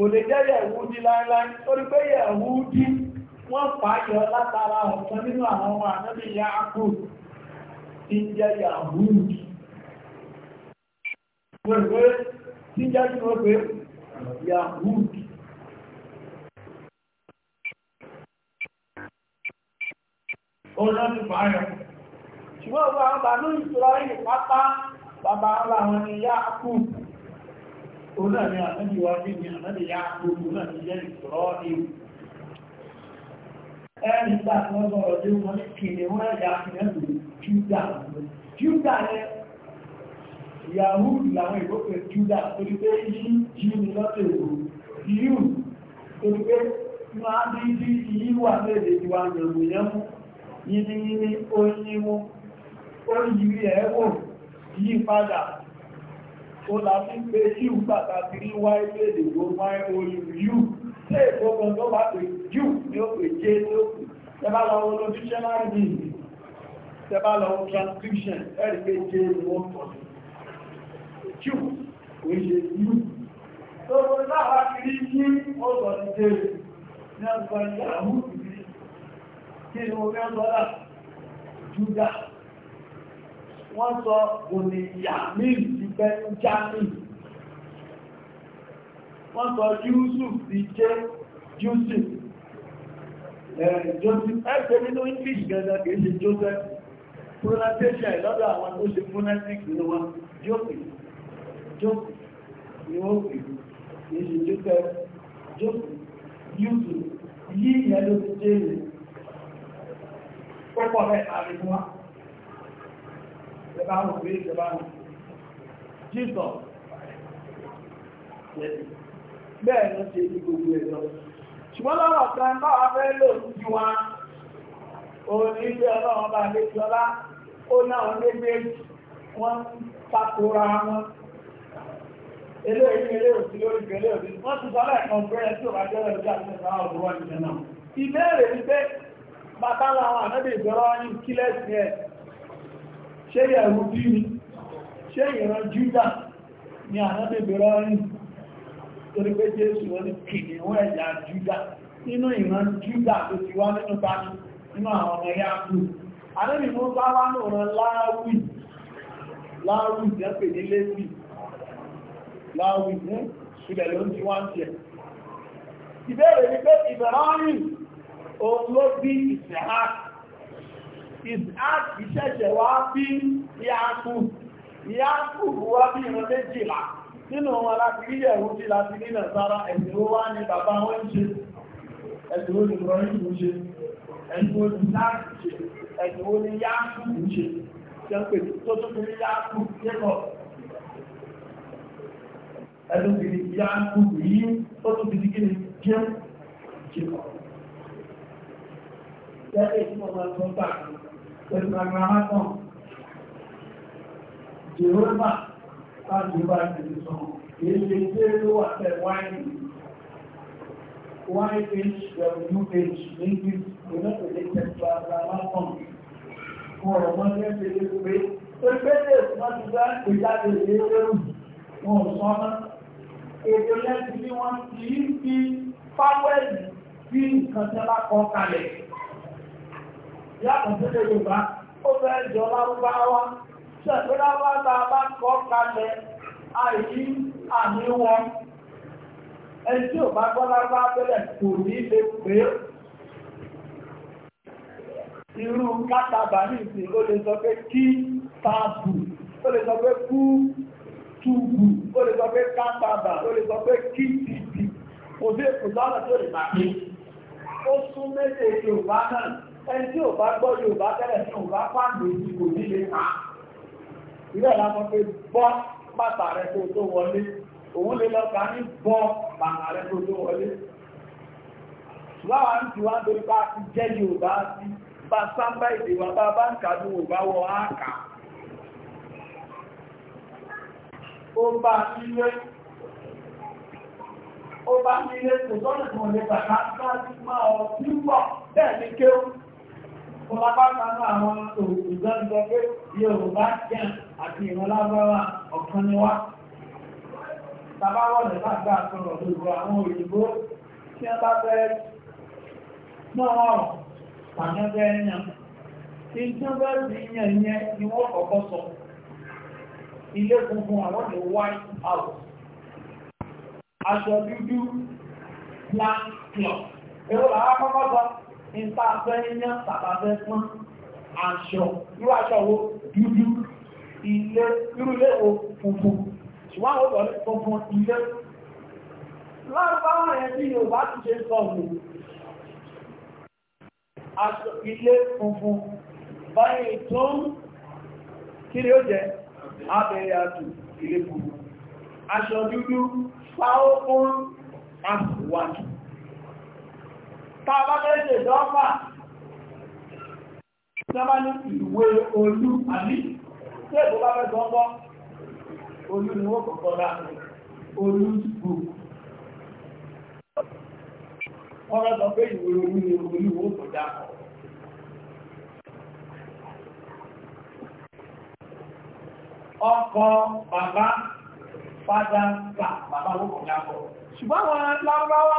kò lè jẹ́ yẹ̀wúdí láíláí torí pé yẹ̀wúdí wọ́n pàáyọ látara ọ̀kan nínú àwọn ọmọ ànábì Yáàkù tí ń jẹ́ yàwúdí pẹ̀lú tí jẹ́ kí wọ́n pé yàwúdí ó lọ́nà pàáyọ ṣùgbọ́n ọgbà ọgbà ní ìtura ìpátá bàbá ara wọn ni Yáàkù òun náà ni ànábì ni ànábì yá gbogbo náà ni jẹ́ ìtọ́rọ́ ìlú ẹni gbà tí wọ́n sọ̀rọ̀ tí wọ́n ní kìnnì wọ́n ẹ̀yà kìnnì ẹ̀dùn júdà júdà rẹ̀ ìyàwó ìlàwọn ìgbókè júdà torí pé yí jí ni lọ́tẹ̀ òru yíò torí pé máa bí bí yí wà léde ìwà ìrìnwò yẹn mú yíní yíní ó yí mú ó yí rí yí padà ó láti pé yíò bàtà ti rí wáyé lèdè tó wáyé olùrù yíò tí èkó kan tó bá pè yíò ní ó pè jẹ́ ní ó pè tẹbá lọ wọn dictionary meaning tẹbá lọ wọn transcription ẹ̀rí pé jẹ́ ní wọ́n pọ̀ yíò kò ṣe yíò tó wọ́n náà ti rí yí ó sọ ti jẹ́ ní ọgbọ̀n ìyàwó kí ni mo fẹ́ sọ́dà júdà wọ́n sọ òní ìyà mílì Benjamin wọ́n sọ Yusuf ti jẹ́ Yusuf Joseph ẹgbẹ́ nínú English gẹ̀ẹ́gẹ́ kìí ṣe Joseph pronunciation lọ́dọ̀ àwọn tó ṣe phonetic ní wọn Joseph Joseph ni wọ́n pè kìí ṣe Joseph Joseph Yusuf yí ìyẹn ló ti jẹ́ ìrìn pọ́pọ̀ rẹ̀ àríwá ìjọba àwọn Jesus bẹ́ẹ̀ ló ṣe ní gbogbo ẹ̀rọ ṣùgbọ́n lọ́rọ̀ kan bá wà fẹ́ lò sí wa òun ní ilé ọlọ́run bá lè jọlá ó náà lé méjì wọ́n takora wọn eléyìí eléyìí sí lórí ìgbẹ́lẹ̀ òbí wọ́n ti sọ́lá ẹ̀kan bẹ́ẹ̀ tí ò bá jẹ́ ẹ̀rọ jáde náà ọ̀rọ̀ wọn ìjẹ náà ìbéèrè ni pé bàbá ṣé ìran Júdà ni ànábì Ibrahim torí pé Jésù wọ́n ni kìnnìún ẹ̀yà Júdà nínú ìran Júdà tó ti wá nínú báyìí nínú àwọn ọmọ ẹ̀yà kú ànábì mú bá wá ní òran láàwì láàwì jẹ́pẹ̀ ní lẹ́sì láàwì ní ìbẹ̀ ló ti wá bí ìsẹ̀há ìsẹ̀há Yákùbù wá bí ìran méjìlá nínú wọn láti rí Yẹ̀húdí láti rí Nàìjíríà ẹ̀sìn ó wá ní bàbá wọn ń ṣe, ẹ̀sìn ó ní Ibrahim ń ṣe, ẹ̀sìn ó ní Sáàkì ṣe, ẹ̀sìn ó ní Yákùbù ṣe, ṣe ń pè tó tó fi ní Yákùbù kékọ̀ọ́. Ẹ̀sìn fi ní Yákùbù yìí tó tó fi ní kí ni jẹ́ kékọ̀ọ́. Jẹ́ jehova láti bá ẹni sọ èyí ṣe pé ló wà tẹ wáìnì yh wh níbi ìrìnàpẹ̀lẹ̀ tẹ̀síwá aláàpọ̀n fún ọ̀rọ̀ wọn ní ẹgbẹ̀ lè pé pé lè wọ́n ti bá ìjáde lè lérò wọn ò sọ́nà èdè lẹ́sìn ni wọ́n ti ń fi fáwẹ́lì bí nǹkan tí wọ́n kọ́ kalẹ̀ yàtọ̀ sí lè Yorùbá ó fẹ́ jọ lárúbáwá ṣẹ̀fẹ́lá wá ta bá kọ́ kalẹ̀ àìyí àmì wọn ẹni tí ò bá gbọ́lá bá bẹ̀rẹ̀ kò ní lè pé irú kátàbà ní ìsìn ó lè sọ pé kí tàbù ó lè sọ pé kú túbù ó lè sọ pé kátàbà ó lè sọ pé kí tìtì kò sí èkó lọ́nà tó lè máa pé ó sún méjèèjì Yorùbá náà ẹni tí ò bá gbọ́ Yorùbá tẹ́lẹ̀ ní Yorùbá pàdé ìdìbò nílé máa ìrẹ́ lámọ́ pé bọ́ bàtà rẹ̀ tó tó wọlé òun lè lọ ká ní bọ́ bàtà rẹ̀ tó tó wọlé láwa ń ti wá torí bá ti jẹ́ Yorùbá sí bá sábà èdè wa bá bá ń kà ní wọ áàkà ó bá nílé kò sọ́nà kan Fọlápátánú àwọn òṣìṣẹ́ pé Yorùbá jẹ́ àti ìrànlágbára ọ̀kan ni wá. Tàbáwọ̀lẹ̀ lágbà sọ̀rọ̀ gbogbo àwọn òyìnbó tí wọ́n bá fẹ́ náà wọ́n pàdán fẹ́ yàn. Ìjọba ti yàn yẹn ni wọ́n kọ́kọ́ sọ. Ilé funfun àwọn ni White House. Aṣọ dúdú, black cloth. Èrò làwọn kọ́kọ́ sọ nípa fẹ́ yán tàbá fẹ́ pọ́n aṣọ irú aṣọ wo dúdú ilé irú ilé wo funfun ṣùgbọ́n àwọn ọ̀dọ́ funfun ilé lárúbáwọ̀ yẹn tí Yorùbá ti ṣe sọ wò aṣọ ilé funfun báyìí tó ń kí ni ó jẹ́ abẹ́rẹ́ àtù ilé funfun aṣọ dúdú fáwọn fún àfùwàjù tàbá méjì dọ́fà sábà ní ìwé olú àmì tí èkó bá fẹ́ sọ́gbọ́ olú ni wọ́n kọ̀kọ́ dá olú bù wọ́n rẹ́ sọ pé ìwé olú ni olú wọ́n kọ̀ dá ọkọ̀ bàbá fádà gbà bàbá wọ́n kọ̀ dá kọ̀ ṣùgbọ́n wọn lábáwá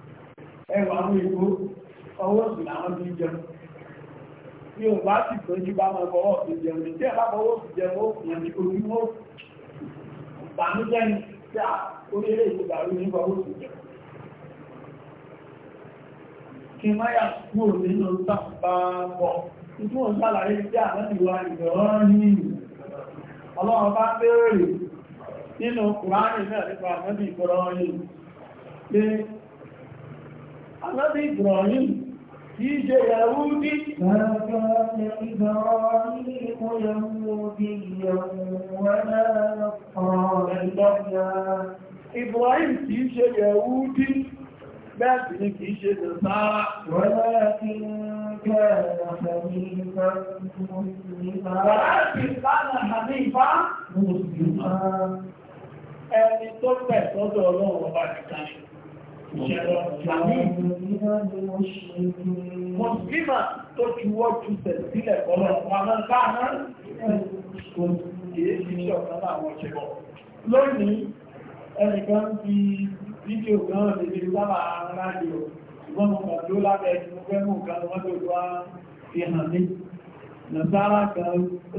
ẹwà àwọn ìgbó ọwọ́ sí àwọn tí jẹun tí o bá sì tó jú bá máa fọwọ́ sí jẹun tí ẹ bá fọwọ́ sí jẹun ó fi hàn ní ojúmọ́ tí a orílẹ̀ ìgbà ní fọwọ́ sí jẹun kí kúrò nínú tí ìwà nínú Anábì Ibrahim kì í ṣe Yahudi. Bàbá ni Ibrahim kò Yahudi Ibrahim kì í ṣe Yahudi bẹ́ẹ̀ sì ni kì í ṣe Ẹni tó pẹ̀ sọ́dọ̀ ọlọ́run ọba nìkan Mùsùlùmá tó juwọ́ ju tẹ̀sílẹ̀ kọ́lọ̀ ọmọ káàná kò kìí sí ní ọ̀kan láwọn ṣẹbọ̀. Lónìí, ẹnìkan fi fídíò kan lè fi sábà rájò ṣùgbọ́n mo kàn tó lábẹ́ ẹni mo fẹ́ mú nǹkan wọ́n tó wá fi hàn mí. Nàìjíríà kan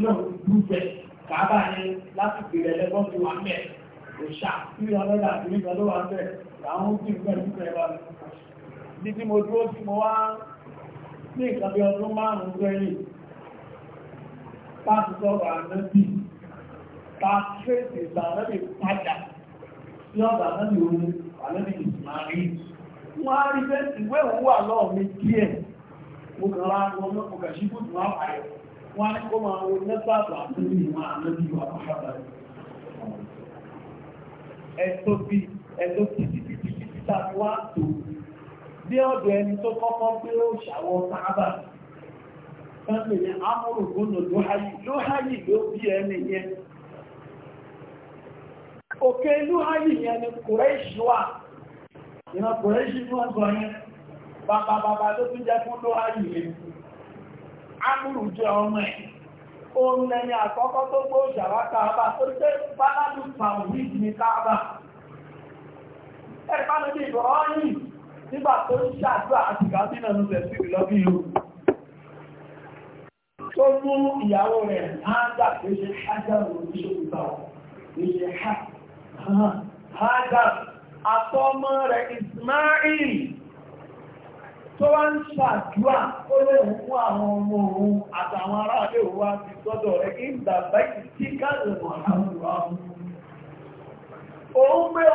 lóòrùn gbúgbẹ̀ kàábà ní láti pèrè ẹlẹ́gbọ́n ti wà mẹ́rin òṣà tí ọlọ́dà àti nígbà ló wà ń bẹ̀ láwọn tí pẹ̀lú pẹ̀lú ní tí mo dúró tí mo wá ní ìkàbí ọdún márùn-ún gbẹ̀yìn láti sọ́rọ̀ ànábì ta tréèsì ìsànábì padà sí ọ̀dà ànábì orin ànábì ìsìnmárí wọ́n á rí pé ìwé òun wà lọ́ọ̀ mi díẹ̀ mo kàn rá wọn náà mo kàn ṣíkú tún á pààyàn wọ́n á ní kó máa wo nẹ́sàbà àti ìwọ̀n ànábì wà pàápàá ẹ̀tọ́ bí ẹ̀tọ́ tí títí dị títà wá tó bí ọ̀dọ̀ ẹni tó kọ́kọ́ pé ó ṣàwọ̀ sáábà sáńpẹ̀ ní amúrù gbónà lóháyì lóháyì ló bí ẹni yẹn òkè lóháyì yẹn ni kùrẹ́ṣì wà ìran kùrẹ́ṣì yẹn bàbàbàbà ló tún jẹ́ fún yẹn amúrù jẹ́ ọmọ ẹ̀ òun lẹni àkọ́kọ́ tó gbó òṣàwá káàbà tó ṣe báládù pàwíìdì ní káàbà ẹ̀rẹ́ pánàbí ìbọ̀ọ́yìn nígbà tó ń ṣàdúrà àti gàbínà ní tẹ̀sí ìlọ́bí o tó mú ìyàwó rẹ̀ áńdà tó ṣe ájáwò tó wá ń ṣàdúrà ó lè ń fún àwọn ọmọ òun àtàwọn aráàlú òwá ti sọ́dọ̀ rẹ̀ kí ń dàgbà tí káàlùmọ̀ àwùrọ̀ àwọn òun ni Olúwa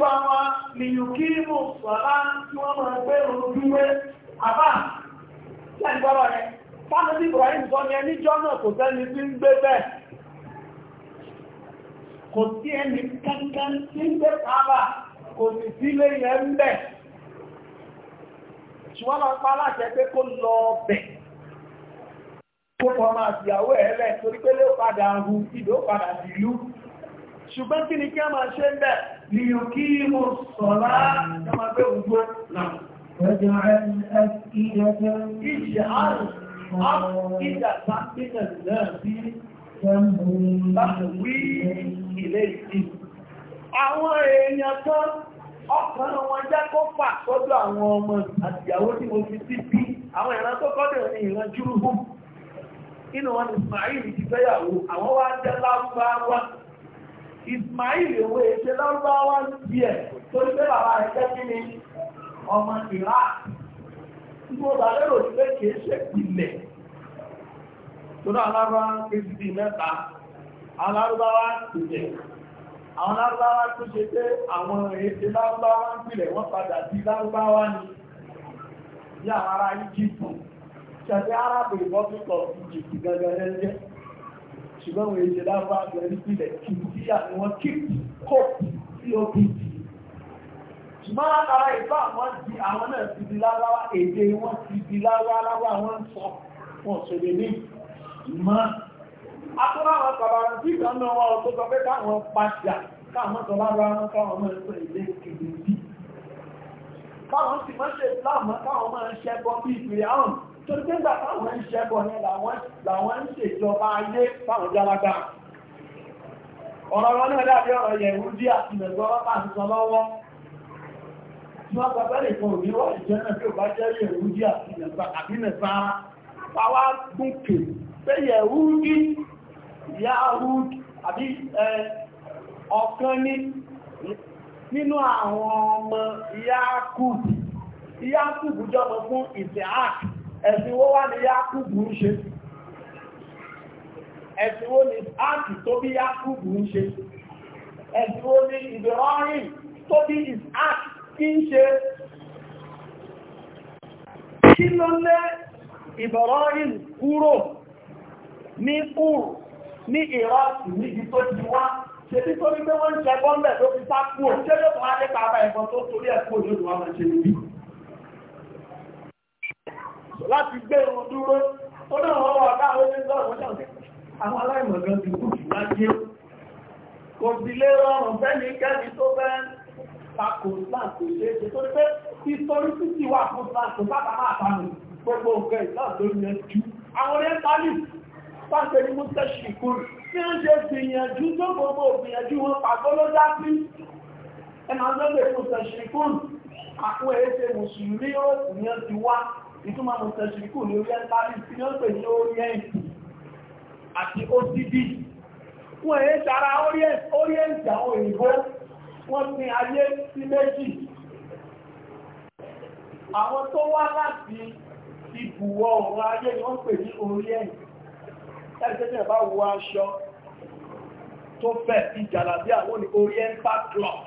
wa ni yùkí mú sọ̀rá tí wọ́n máa gbé òun àbá, ṣẹ́ ìgbọ́rọ̀ rẹ̀ fánàbí Ibrahim sọ ní ẹni jọ́nà kò sẹ́ni tí ń gbé bẹ́ẹ̀ kò sí ẹni kankan tí ń gbé pàápàá kò sì sílé yẹn ń bẹ̀ ṣùgbọ́n lọ pa láṣẹ pé kó lọ bẹ̀ kó fọ máa fìyàwó ẹ̀ lẹ̀ torí pé ló padà hu ìdó padà dìlú ṣùgbọ́n kí ni kí a máa ṣe ń bẹ̀ lìyàn kí mo sọ̀rá ẹ máa gbé ògbó náà. Ìjẹ́ àrùn إذا فقد الذي تهوي إليه àwọn èèyàn kan ọkàn wọn jẹ́ kó fà sọ́dọ̀ àwọn ọmọ àtìyàwó tí mo fi sí bí àwọn ìran tó kọ́dọ̀ ní ìran júrùhù inú wọn ni Ismail ti fẹ́yàwó àwọn wá jẹ́ lárúbáwá Ismail owó èṣe lárúbáwá ń bí ẹ̀ tó ní ni ọmọ Iraq Gbogbo ọba lérò ní pé kìí ṣe ìpìlẹ̀. Tọ́lá alárúbá kìí mẹ́ta, alárúbáwá ìpìlẹ̀. Àwọn alárúbáwá tó ṣe pé àwọn èdè lárúbáwá ń pìlẹ̀ wọ́n padà ni. Bí àwọn ará ṣùgbọ́n látara ìfà wọn di àwọn náà ti di lárúbáwá èdè wọn ti di lárúbáwá wọn ń sọ wọn ṣèlè ní ìmọ̀ akọ́lá àwọn kàbàrà tí ìgbà náà wọn tó sọ pé káwọn padà káwọn sọ lárúbáwá káwọn mọ̀ ẹ̀sọ́ èdè kìdì sí káwọn sì mọ́ ṣe láàmọ́ káwọn mọ́ ṣẹ́gbọ́ bí ìpìlẹ̀ àrùn tó ní gbẹ́gbà káwọn ń ṣẹ́gbọ́ ní làwọn ń ṣèjọba ayé fáwọn jálágbà ọ̀rọ̀ wọn náà dàbí ọ̀rọ̀ yẹ̀wú dí àtìmẹ̀gbọ́ wọ́n bàbá lè kan òní wọ́n ìjẹ́ náà bí ò bá jẹ́ yẹ̀ rúdí àti nẹ̀fà pàwà gúnkè pé yẹ̀ rúdí ìyá rúdí àbí ọ̀kan ní nínú àwọn ọmọ Yakubu Yakubu jọmọ fún Isaac ẹ̀sìn wo wá ní Yakubu ń ṣe ẹ̀sìn wo ní áàkì tó bí Yakubu ń ṣe ẹ̀sìn wo ní ìbẹ̀rọ̀rìn tó bí Isaac kí ń ṣe kí ló lé Ibrahim kúrò ní kúrò ní Iraq níbi tó ti wá ṣebí tó ní pé wọ́n ń ṣe bọ́m̀bẹ̀ tó fi sápò ṣé yóò tó wá ní pàápà ẹ̀kọ́ tó torí ẹ̀kọ́ yóò tó wá máa ṣe níbi láti gbé ohun dúró tó náà wọ́n wà káwọn ní sọ́rọ̀ ṣàǹkẹ́ àwọn aláìmọ̀gán ti kú láyé kò sí lé rọrùn fẹ́ni kẹ́ni tó fẹ́ tako islam kò ṣe é ṣe tó pé historicity wà fún islam kò sábà máa ta nù gbogbo nǹkan islam ló yẹn jù àwọn orientalist pàṣẹ ní mọ́tẹ́sì kúrò tí wọ́n ṣe gbìyànjú tó gbogbo gbìyànjú wọn pàgọ́ ló dá sí ẹnà ọlọ́gbẹ̀ mọ́tẹ́sì kúrò àwọn èéṣe mùsùlùmí yóò ní ó ti wá ìtumọ̀ mọ́tẹ́sì kúrò ní orientalist ní ó pè ní orient àti ocd wọn wọ́n ti ayé sí méjì àwọn tó wá láti ibùwọ̀ ọ̀rọ̀ ayé ni wọ́n pè ní orí ẹ̀yìn ẹgbẹ́gbẹ́ bá wọ aṣọ tó fẹ́ ìjàlàbí àwọn ní oriental club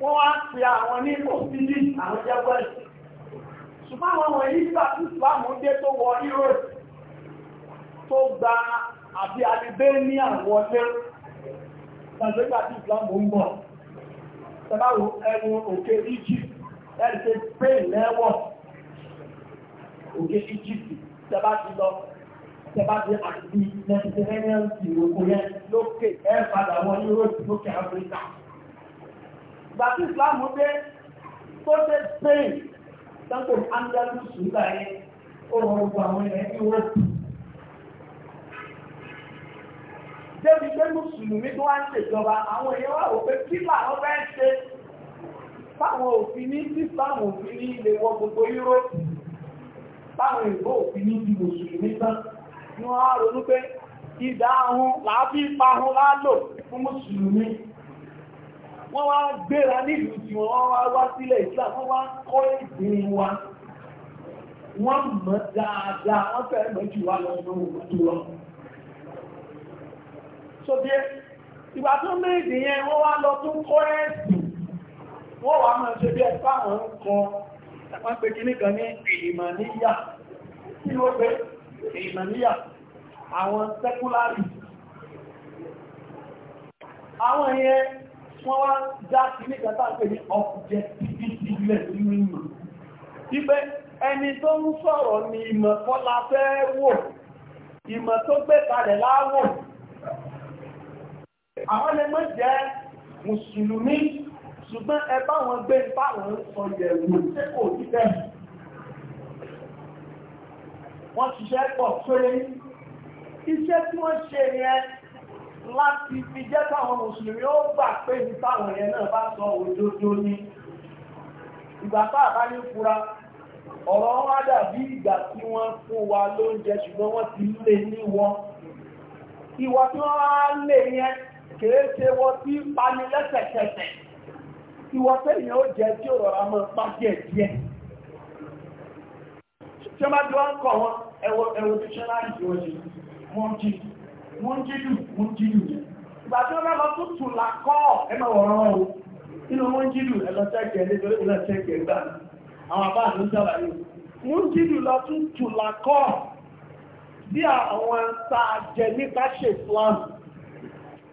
wọ́n wá pe àwọn ní òsìlì àwọn jẹ́gbẹ́sì ṣùgbọ́n àwọn wọ̀nyí nígbà tí ìsìláàmù dé tó wọ Europe tó gba àbí Albania wọlé nàìjíríà tí islam ń bọ̀ tẹ́báwò ẹnu òkè egypt ẹni pé spain lẹ́wọ̀ òkè egypt tẹ́bá ti lọ tẹ́bá ti àti mediterranean ti òkú yẹn lókè ẹ padà wọ europe lókè africa ìgbà tí islam dé tó dé spain tẹ́kọ̀ọ́ andalus nígbà yẹn ó rọrùn gbà wọn yẹn europe débi pé mùsùlùmí tó wá ń ṣèjọba àwọn èèyàn wà wò pé kí làwọn fẹ́ ṣe fáwọn òfin ní tí fáwọn òfin ní ilé wọ gbogbo yúróòpù fáwọn ìbò òfin ní ti mùsùlùmí tán ni wọ́n á ronú pé ìdá ahun làábí ipa ahun lálò fún mùsùlùmí wọ́n wá gbéra nílùú tí wọ́n wá wá sílẹ̀ ìsìlá wọ́n wá kọ́ èdè wa wọ́n mọ̀ dáadáa wọ́n fẹ́ mọ̀ jù wá lọ́nà òkú lọ tó bí ẹ́ ìgbà tó méjì yẹn wọ́n wá lọ tún kọ́ ẹ̀sùn wọ́n wá máa ṣe bí ẹ̀fà wọn ń kọ ẹ̀pá pé kí nìkan ní ìmàníyà kí ló pé ìmàníyà àwọn sẹ́kúlárì àwọn yẹn wọ́n wá já sí nìkan tá à ń pè ní ọ̀pùjẹ́ títí sílẹ̀ nínú ìmọ̀ ibẹ̀ ẹni tó ń sọ̀rọ̀ ni gbé kalẹ̀ láwò àwọn lè mọ́ jẹ́ mùsùlùmí ṣùgbọ́n ẹ bá wọn gbé báwọn sọ yẹ̀wò tí kò sí bẹ́ẹ̀ wọ́n ṣiṣẹ́ pọ̀ pé iṣẹ́ tí wọ́n ṣe yẹn láti fi jẹ́ káwọn mùsùlùmí ó gbà pé ní táwọn yẹn náà bá sọ òdodo ni ìgbà tá àbá ní fura ọ̀rọ̀ wọn á dàbí ìgbà tí wọ́n fún wa lóúnjẹ ṣùgbọ́n wọ́n ti lé ní wọn ìwà tí wọ́n á lé yẹn kéèké wọ́n tí pani lẹ́sẹ̀kẹsẹ̀ tí wọ́n tẹ́yìn ó jẹ́ tí ó rọra mọ́ pàjẹ́ díẹ̀ tí wọ́n bá ti wọ́n kọ̀ wọn ẹwọ ẹwọ dictionary tí wọ́n ṣe wọ́n jí wọ́n jí lù wọ́n jí lù yẹn ìgbà tí wọ́n bá lọ tù là ẹ máa wọ̀rọ̀ wọn o inú wọ́n jí lù ẹ lọ sẹ́kẹ̀ẹ́ nítorí ìlú ẹ̀sẹ̀kẹ̀ẹ́ gbà àwọn àbá àdó sábàáyé wọ́n jí lù lọ tún tù là kọ́ bí àwọn tá a jẹ nípa ṣe fúlàmù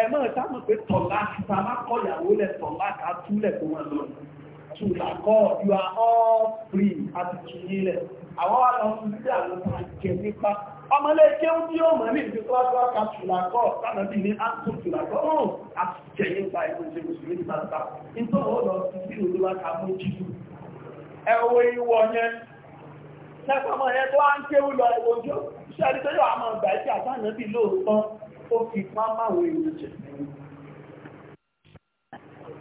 ẹ mọ̀ ẹ̀ta mọ̀ pé tọ̀lá ta bá kọ́ ìyàwó lẹ̀ tọ̀lá ká túlẹ̀ tó wọn lọ tùlà kọ́ you are all free àti kìí lẹ̀ àwọn wà lọ sí sí àwọn ọmọ jẹ nípa ọmọlẹ́kẹ́ ó bí ó mọ̀ ní ìdí tó wá tó wá ka tùlà kọ́ sábà bí ní áńtò tùlà kọ́ ó àti jẹ nípa ìlú ṣe mùsùlùmí nípa ta nítorí ó lọ sí sí ìlú wa ká mú jù ẹ wo ìwọ yẹn sẹ́kọ̀ọ́mọ yẹn tó á ń kéwú lọ ẹ̀wọ̀n jó iṣẹ́ àdìsọ́jọ́ àmọ́ ìgbà ìṣẹ́ àtàyàn bí lóòótọ́ ó fi pámáwé ìlú jẹ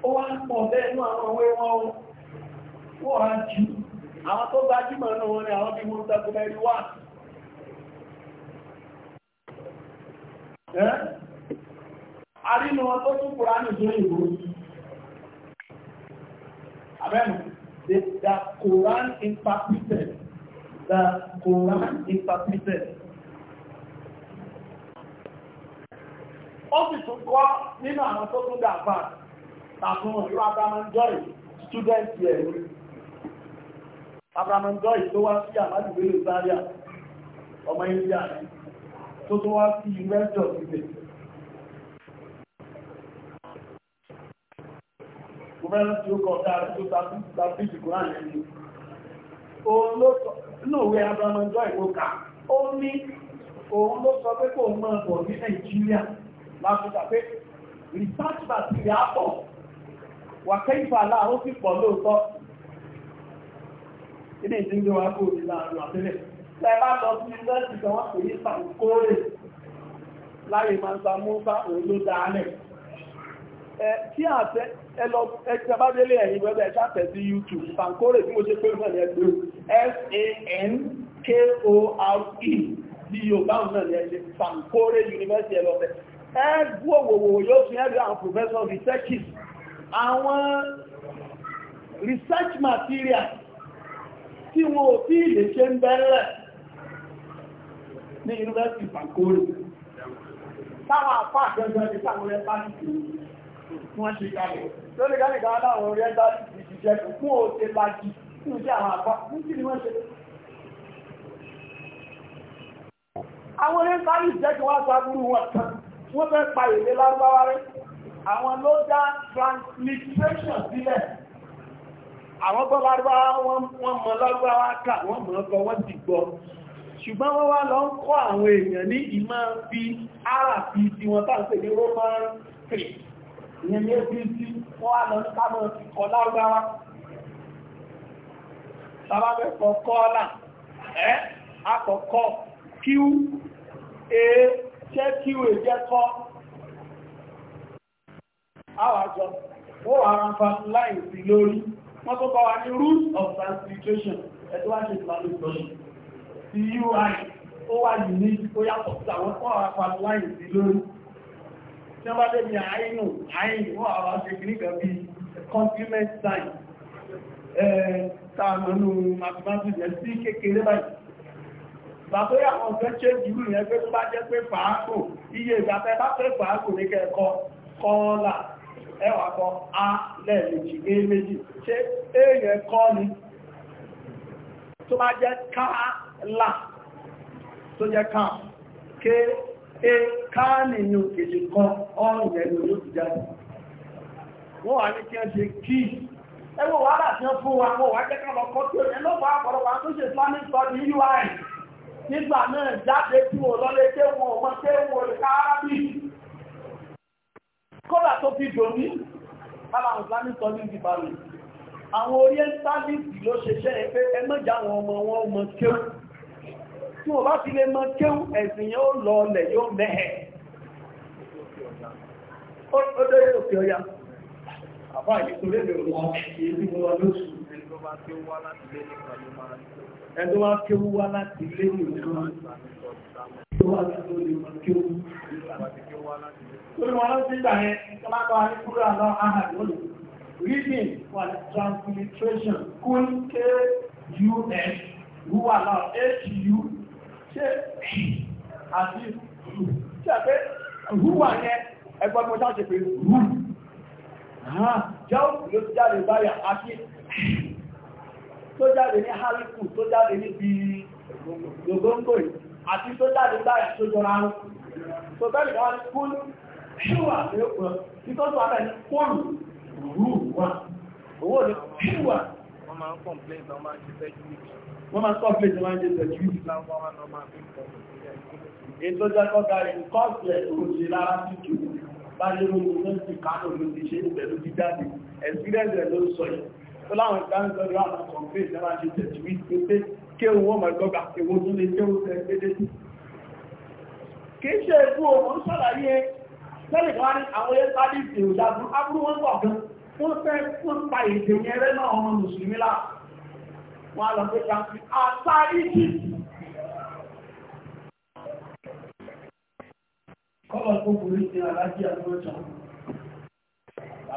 ó wá pọ̀ bẹ́ẹ̀nú àwọn òwe wọn ó wọ́n á jù àwọn tó gbajúmọ̀ náà wọ́n ni àwọn bí wọ́n tẹ́kùnmẹ́rí wà àrínú wọn tó tún kùrá ní ìjọ ìwò abẹ́nu the Quran interpreted the Quran interpreted ó sì tún kọ́ nínú àwọn tó tún dàgbà tàbí student yẹ̀ ní abramanjoy tó wá sí ọmọ india tó tún wá sí university of Italy gọ́ọ̀mẹ́rin tí ó kọ̀ dára tó tàbí ìkùnrán ẹni òun ló ọ ká ó ní láfíríkà pé research material pọ̀ wàkẹ́ ìfàlà ó sì pọ̀ lóòótọ́ ilé ìdíńgbé wa kó ní láàrin àtẹ́lẹ̀ lẹ́bá lọ sí yúnẹ́sì kan wọ́n pè ní sàkóòrè láyé máa ń samú bá òun ló dáálẹ̀ ẹ kí àtẹ ẹ lọ ẹ ti bá délé ẹ̀yìn wẹ́bẹ̀ ẹ ṣàtẹ̀ sí YouTube sàkóòrè tí mo ṣe pé náà ní ẹgbẹ́ S-A-N-K-O-R-E bí yóò báwọn náà ní ẹgbẹ́ sàkóòrè yúnivẹ́sì ẹ ẹgbú òwòwò yóò fi ẹgbẹ́ àwọn professor researches àwọn research material tí wọn ò tí ilé ṣe ń bẹ̀rẹ̀ ní university Pankore táwọn àpá àjọjọ́ ní táwọn ẹgbẹ́ pàtàkì wọ́n ṣe kalẹ̀ tó lè gáàlì kan láwọn oriental ìṣiṣẹ́ kò fún òṣè láti fún iṣẹ́ àwọn àpá fún kí ni wọ́n ṣe àwọn oriental ìṣiṣẹ́ kí wọ́n sọ wọ́n fẹ́ pa èdè lárúbáwá rẹ̀ àwọn ló dá transliteration sílẹ̀ àwọn gbọ́ lárúbáwá wọ́n mọ̀ lárúbáwá kà wọ́n mọ̀ ọkọ̀ wọ́n ti gbọ́ ṣùgbọ́n wọ́n wá lọ ń kọ́ àwọn èèyàn ní ìmọ̀ bí ara fi ti wọn tàà pè ní roman creed ìyẹn ní ẹbí tí wọ́n wá lọ ní kámọ́ ikọ̀ lárúbáwá sábàbẹ́kọ̀ kọ́ọ̀là ẹ́ q a ṣé kí o jẹ́ kọ́ àwàjọ ó àwọn fàtíláì sí lórí wọ́n tó bá wa ní rules of translation ẹ̀tọ́ wá ṣe ìpàdé ìtọ́lẹ̀ ti ui ó wà ní ó yàtọ̀ sí àwọn àwọn fàtíláì sí lórí tí wọ́n bá dé ní àínú àínú wọ́n àwọn aṣèkìrí kan bí compliment sign ẹ̀ẹ́ tààmù mathematics ẹ̀ sí kékeré báyìí bàtọ́ yà wọn fẹ́ ṣe jùlù yẹn pé tó bá jẹ́ pé fàákò iye ìgbàfẹ́ bá fẹ́ fàákò ní kẹ́ẹ̀kọ́ kọ́ọ́là ẹwà kọ́ a lẹ́ẹ̀mejì é méjì ṣe èèyàn kọ́ ni tó bá jẹ́ káàlà tó jẹ́ káà ké é káà nìyàn èdè kan ọrùn yẹn ló ti jáde wọ́n wà ní kí wọ́n ṣe kí ẹwọ́ wàhálà tí wọ́n fún wa wọ́n wá jẹ́ ká lọ kọ́ tó ẹ̀ lọ́pàá àpọ̀lọpàá tó ṣe islamic study ui nígbà náà jáde tí wọn lọ́lé tí wọn ọmọ tí wọn lè kára bí. kódà tó fi dòní kára islamic studies department àwọn orientalist ló ṣeṣẹ́ ẹ pé ẹ mọ̀jà àwọn ọmọ wọn mọ kéwù tí wọn bá ti lè mọ kéwù ẹ̀sìn yẹn ó lọ ọlẹ̀ yóò mẹ́hẹ̀. àbá ìṣòro èdè òun wọn lóṣù. ẹni tó bá ti wá láti lé nìkan ló máa ń tó ẹni wá kéwú wá láti ilé ìwọ̀n tó wá láti ilé ìwọ̀n kéwú lórí wọn lọ́sí ìgbà yẹn tọ́lápá ní kúrò àlọ́ ahàdì ó lè reading for transliteration kún ké us rúwà lọ hu ṣe àti ṣe pé rúwà yẹn ẹgbọ́n mi ṣáṣe pé rú jẹ́ òkú ló ti jáde báyà àti tó jáde ní hálíkù tó jáde níbi gbogbo yìí àti tó jáde báyìí tó jọra ń tó bẹ́ẹ̀ lọ́wọ́ ní kúlù ṣíwà ní ọ̀pọ̀ tí tó tó abẹ́ ní kúlù rú wà owó ní ṣíwà. wọ́n máa ń kọ̀m̀pléǹ tó máa ń jẹ́ tẹ́jú wíìkì. wọ́n máa ń kọ̀m̀pléǹ tó máa ń jẹ́ tẹ́jú wíìkì. ètò ìjọba bá lérò ní ọ̀sẹ̀ kánò ló ti ṣe pẹ̀lú dídáde ẹ̀sìrẹ́sẹ̀ ló sọ yìí tó láwọn ìgbàmìsọ́ yóò àwọn kọ̀m̀pé ìjọba ṣe tẹ̀jú wípé kéwù wọ́n mọ̀ ìgbọ́gbà èwo tún lè kéwù tẹ̀ dédé sí. kì í ṣe ikú òun ń ṣàlàyé àwọn eré sáré ìpè wọn pọ̀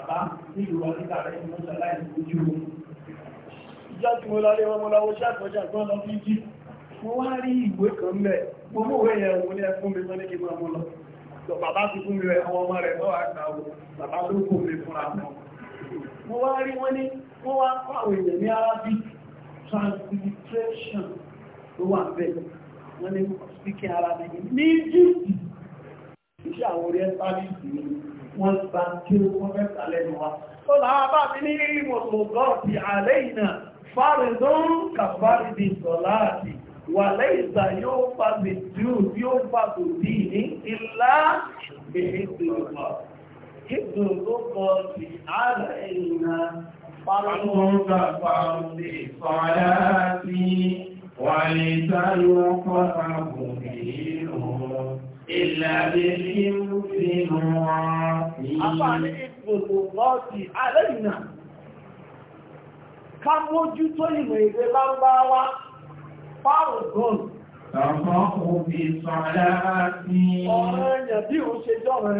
bàbá nílùú wọn nígbà rẹ̀ ìmọ̀ sọ láì ojú wọn. Ìjọ́ tí mo wọn mo lọ wo tó lọ sí jì. Mo wá rí ìwé kan mẹ́, gbogbo òwe yẹn òun ní ẹkún mi mọ́lé máa mọ́ lọ. bàbá ti fún mi rẹ̀ àwọn ọmọ rẹ̀ lọ́wọ́ àgbà wo, bàbá ló kò mi fúnra wọn. Mo wá rí wọ́n ní, wọ́n wá kọ́ àwọn èèyàn ní Arabic transliteration ló wà bẹ́ẹ̀. Wọ́n ní speaking Arabic ní Egypt. Iṣẹ́ àwọn orí ẹ́ wọ́n bá kí ó fẹ́ sàlẹ́nu wa tó láwá bá mi ní ilé mọ̀tòkọ́ ti àlẹ́ ìnà fáàrẹ̀dún kàfàrìdì sọ̀láàtì wà lẹ́ìsà yóò bá mi dúró yóò bá kò dì ní ilá ìdùnnà ìdùnnà ti àlẹ́ ìnà Ìlàbí ní ìrúfin wọn. Àpá ní ìpòlò lọ́ọ̀tì àlẹ́yìnà. Ká mójú tó ìmọ̀ èdè lágbàáwá, fáwọn gọ́n. Ọ̀pọ̀ òbí sọ̀rọ̀ láti. Ọ̀rọ̀ ẹ̀yàn bí ó ṣe jọ́rọ̀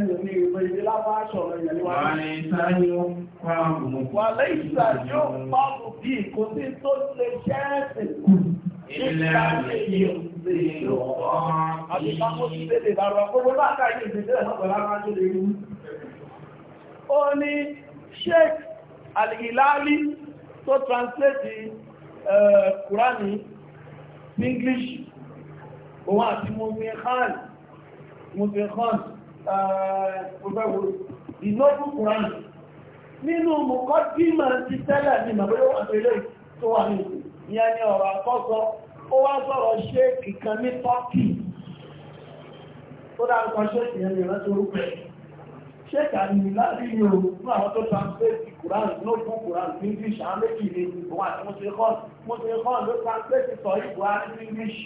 Ìlà Sheikh Al-Hilali to translate the Quran in English, eh, òun àti Mufin Khan, eh, Mufin Khan, Professor, ìlọ́pù Kùránì. Nínú mọ̀kọ́ dímọ̀ ti tẹ́lẹ̀ ní màbẹ́lẹ́wọ̀n àpẹẹlẹ́ tó wà ní ìpínlẹ̀ ìyẹn ni ọ̀rọ̀ àkọ́kọ́ ó wá sọ̀rọ̀ ṣéèkì kan ní tọ́kì ó dárúkọ ṣéèkì yẹn lè rántí orúkọ ẹ̀ ṣéèkì àmìlá rí ni o fún àwọn tó translate Quran ló fún Quran ní English àwọn méjì ní ìwọ̀n àti mùsùlùmí mùsùlùmí ló translate sọ ìbò á ní English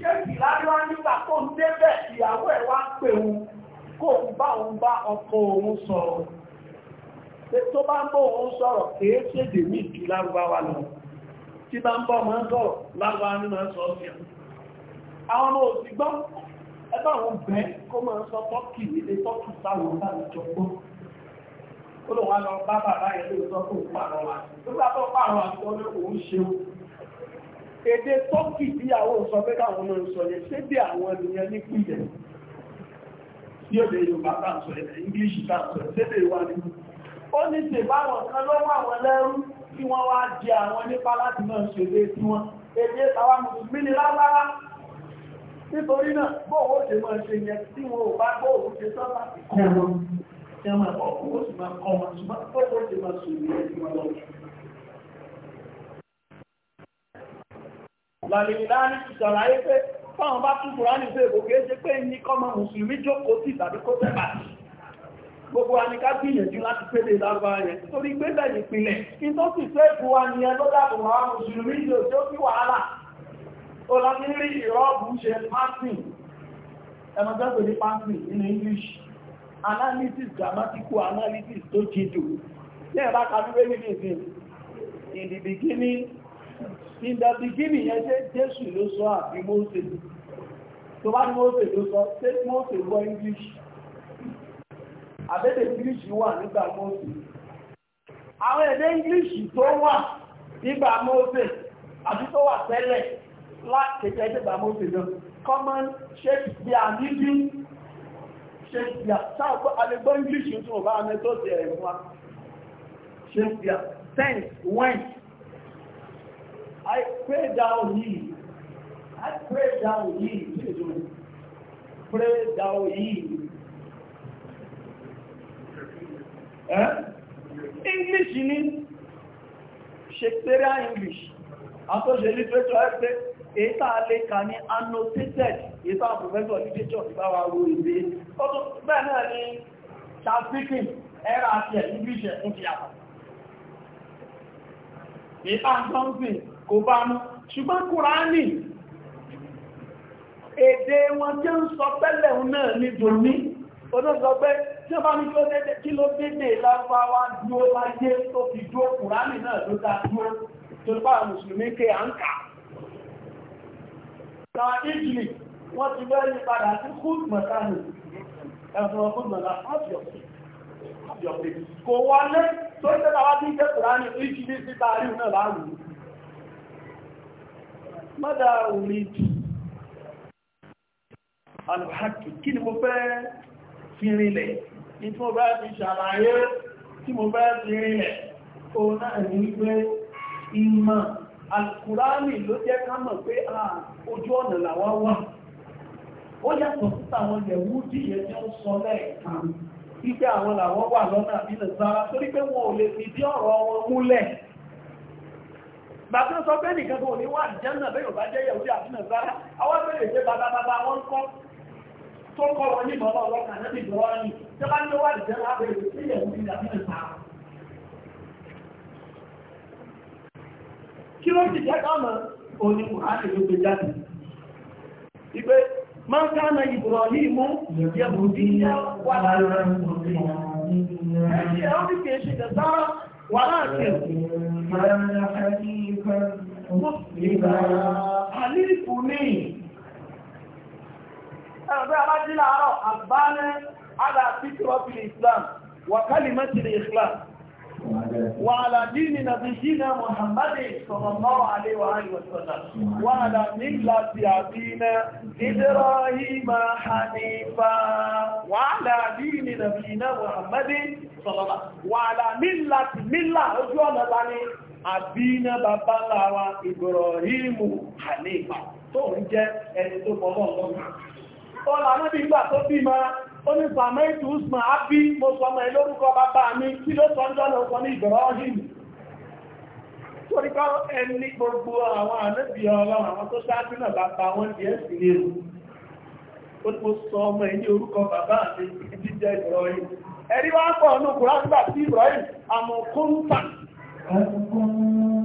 ṣéèkì láríwá nígbà tó ń débẹ̀ ìyàwó ẹ̀ wá pè òun kó òun bá òun pé tó bá ń bọ́ òun sọ̀rọ̀ kìí ṣèdè ní ìjú lárúbáwá lọ tí bá ń bọ́ máa ń sọ̀rọ̀ lárúbáwá ní máa ń sọ sí àwọn ọmọ òsì gbọ́ ẹgbẹ́ àwọn bẹ́ kó máa sọ tọ́kì ilé tọ́kì sáwọn láwùjọ gbọ́ ó lọ wá lọ bá bàbá yẹn ló sọ fún pààrọ̀ wà nígbà tó pààrọ̀ àtọ́ ní òun ṣeun èdè tọ́kì bí àwọn sọ pé káwọn ọmọ sọ yẹn ṣé bí àwọn ènìyàn ní pìlẹ̀ tí ó lè Yorùbá bá ń sọ ẹ̀ English bá ń sọ ẹ̀ ṣé nínú ó ní ṣe báwọn kan ló wà wọn lẹ́rú kí wọ́n wá jẹ àwọn nípa láti máa ṣèlé tí wọ́n èdè tàwa mùsùlùmí ni lágbára nítorí náà bóòwò ṣe máa ṣe yẹn tí wọn ò bá bóòwò ṣe ṣe máa fáwọn bá tún kùránì fún èbò pé ní kọ́mọ mùsùlùmí jókòó sí tàbí kó tẹ́ gbogbo wa ni ká gbìyànjú láti pélé lárúbáwá yẹn torí pé bẹ́ẹ̀ ìpìlẹ̀ kí tó sì fẹ́ fún wa ni ẹ ló wá mùsùlùmí ìlò tó fi wàhálà ó ìrọ́bù ṣe panting ẹmọjọ́gbò ní panting nínú English analysis grammatical analysis tó jìdò in the beginning in the beginning yẹn ṣe Jésù ló sọ àbí Mósè tó bá ní Mósè ló sọ ṣé Mósè gbọ́ English àbẹ́dẹ̀ English wà nígbà mọ́sí àwọn èdè English tó wà nígbà mọ́sí àti tó wà tẹ́lẹ̀ lákẹ̀kẹ́ nígbà mọ́sí náà common Shakespeare níbi Shakespeare sáàpọ̀ àlẹ́gbọ́ English tó wà ní tó ti ẹ̀rẹ̀ wá Shakespeare thanks when I pray down ye I pray thou ye pray down ye English ni Shakespearean English àtọ́ṣe literature ẹgbẹ́ èyíta alẹ́ ka ní annotated èyíta professor literature ìbáwà ro ìwé ọdún bẹ́ẹ̀ náà ni Charles Dickens ẹ̀rà àti ẹ̀ English ẹ̀ ń fi àpá ìta something kò bá mú ṣùgbọ́n kùránì èdè wọn tí ń sọ pẹ́lẹ̀ náà ní dòní olóògbẹ́ tí ọba ní kí ló dédé lágbàwá dúró láyé tó fi dúró kùránì náà ló dá dúró tó bá mùsùlùmí ké à ń kà. Tàwọn Italy wọ́n ti bẹ́ẹ̀ ní padà sí Kúùtùmọ̀tánù ẹ̀fọ́ Kúùtùmọ̀tánù kò wọlé tó ń tẹ́lá wá bí jẹ́ kùránì Italy sí Bàárì náà láàrùn. Mọ́dà òní jù. Àlùhàkì kí ni mo fẹ́ fi rinlẹ̀? ní tí mo bá ti ṣàlàyé tí mo bá ti rinlẹ̀ ó náà ní pé ìmọ̀ alkùránì ló jẹ́ ká mọ̀ pé à ojú ọ̀nà làwa wà ó yàtọ̀ síta àwọn yẹ̀wú díyẹ tí ó sọ lẹ́ẹ̀kan wípé àwọn làwọn wà lọ́nà àbínà sára torí pé wọn ò lè fi bí ọ̀rọ̀ wọn múlẹ̀ bàtán sọ pé nìkan tó ní wà jẹ́ náà bẹ́ẹ̀ ò bá jẹ́ yẹ̀wú àbínà sára àwọn bẹ̀rẹ̀ pé bàbá bàbá wọn kọ́ tó kọ́ ní ìmọ̀lá ọlọ́kà náà gbọ́ ní tó bá ní ó jẹ́ lábẹ́ sí ìyẹ̀wò ní ìdàbí ìta. kí ló ti jẹ́ káàmà òní kùránì ló gbé jáde ìgbé máa ń káàmà ìbùrọ̀ ní ìmú ìyẹ̀wò ní wà láàárín ọ̀rọ̀ ìgbé ẹ̀rọ̀dọ́ وعلى دين نبينا محمد صلى الله عليه وآله وسلم وعلى ملة أبينا إبراهيم حنيفا وعلى دين نبينا محمد صلى الله وعلى ملة ملة أجوانا لاني أبينا بابا لوا إبراهيم حنيفا تو جاء أنتم الله ọ̀nà anábì ń gbà tó bí ma ó ní sàmẹ́tù usman ábí mo sọ ọmọ ìlórúkọ bàbá mi tí ló sọ ń jọ́nà ọkọ̀ ní ìbẹ̀rẹ̀ ọ̀hìn torí kọ́ ẹni gbogbo àwọn anábì ọlọ́run àwọn tó ṣáájú náà bàbá wọn di ẹ̀sìn ní ewu ó ní mo sọ ọmọ ìní orúkọ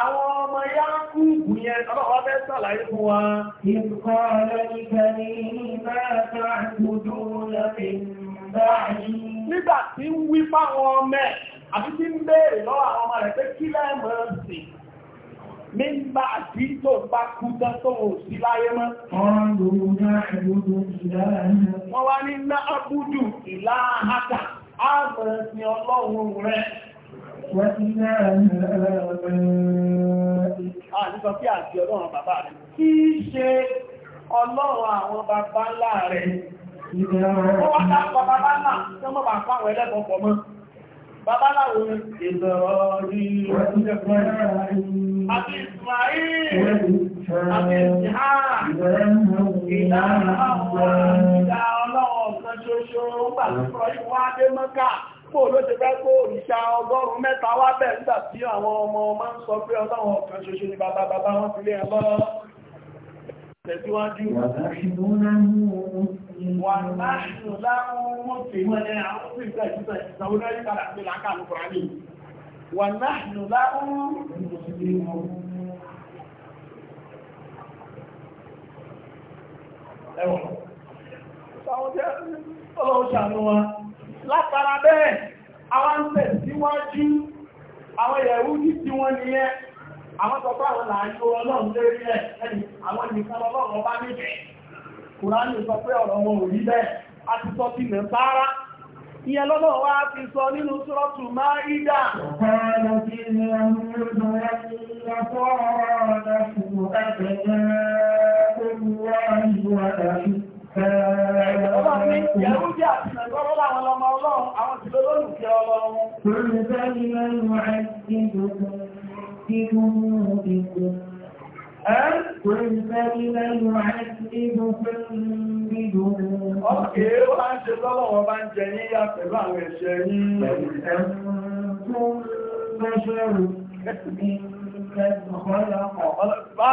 Àwọn ọmọ ya ń kú ìbù yẹn, ọlọ́wọ́ bẹ́ sàlàyé fún wa. Ìkọ́ lẹ́nìkẹ́ ní mẹ́ta ìgbòdó lẹ́fẹ́ Nígbà tí ń wí fáwọn ọmọ ẹ̀, àti tí ń béèrè lọ́wọ́ àwọn ọmọ rẹ̀ pé kí lẹ́mọ̀ sí. Nígbà tí tó bá kú tán tó sí láyé mọ́. Wọ́n ah, àwọn bàbá ńlá rẹ̀. Ó wá dápọ̀ bàbá ńlá tí wọ́n bá fáwọn ẹlẹ́bọ̀ pọ̀ mọ́. Bàbá láwọn ìbẹ̀rọ̀ rí ọdún Àti Ìsmaíl, àti Ìsìhá, ìlà àwọn ìdá ọlọ́wọ̀ kan ṣoṣo, ó gbà pò ló ṣe fẹ́ kó òrìṣà ọgọ́rùn-ún mẹ́ta wá bẹ̀ nígbà tí àwọn ọmọ ọmọ ń sọ pé ọlọ́run ọ̀kan ṣoṣo ni bàbá bàbá wọn fi lé ẹ tẹ̀síwájú wà láàrín láwọn mọ́ sí wọn látara bẹ́ẹ̀ àwọn tẹ̀síwájú àwọn Yẹ̀húdí tí wọ́n ní ẹ́ àwọn tọ́pá àwọn làájú ọlọ́run lérí ẹ̀ ẹni àwọn nìkan ọlọ́run ọba níbẹ̀ kùránì sọ pé ọ̀rọ̀ wọn ò rí bẹ́ẹ̀ a ti sọ sí nàìjíríà ìyẹn lọ́nà wá ti sọ nínú sọ́rọ̀tù máa ìdá ọ̀pọ̀ Ọlọ́run ní ìyàwó jẹ́ àti ìrẹ̀gbọ́rọ́ láwọn ọmọ ọlọ́run, àwọn ti lọ́lọ́lùkẹ́ ọlọ́run. Lórí bẹ́ẹ̀ ni mẹ́rin rẹ̀ sí gbogbo kíkún ìgbò. Ẹ́ Lórí bẹ́ẹ̀ ni mẹ́rin rẹ̀ sí gbogbo ìgbò. Ọkẹ́ wá ń ṣe lọ́lọ́wọ́ bá ń jẹ yíyá pẹ̀lú àwọn ẹ̀ṣẹ̀ yìí. Ẹ̀rùn tó ń bẹ́ṣẹ́rù. Bá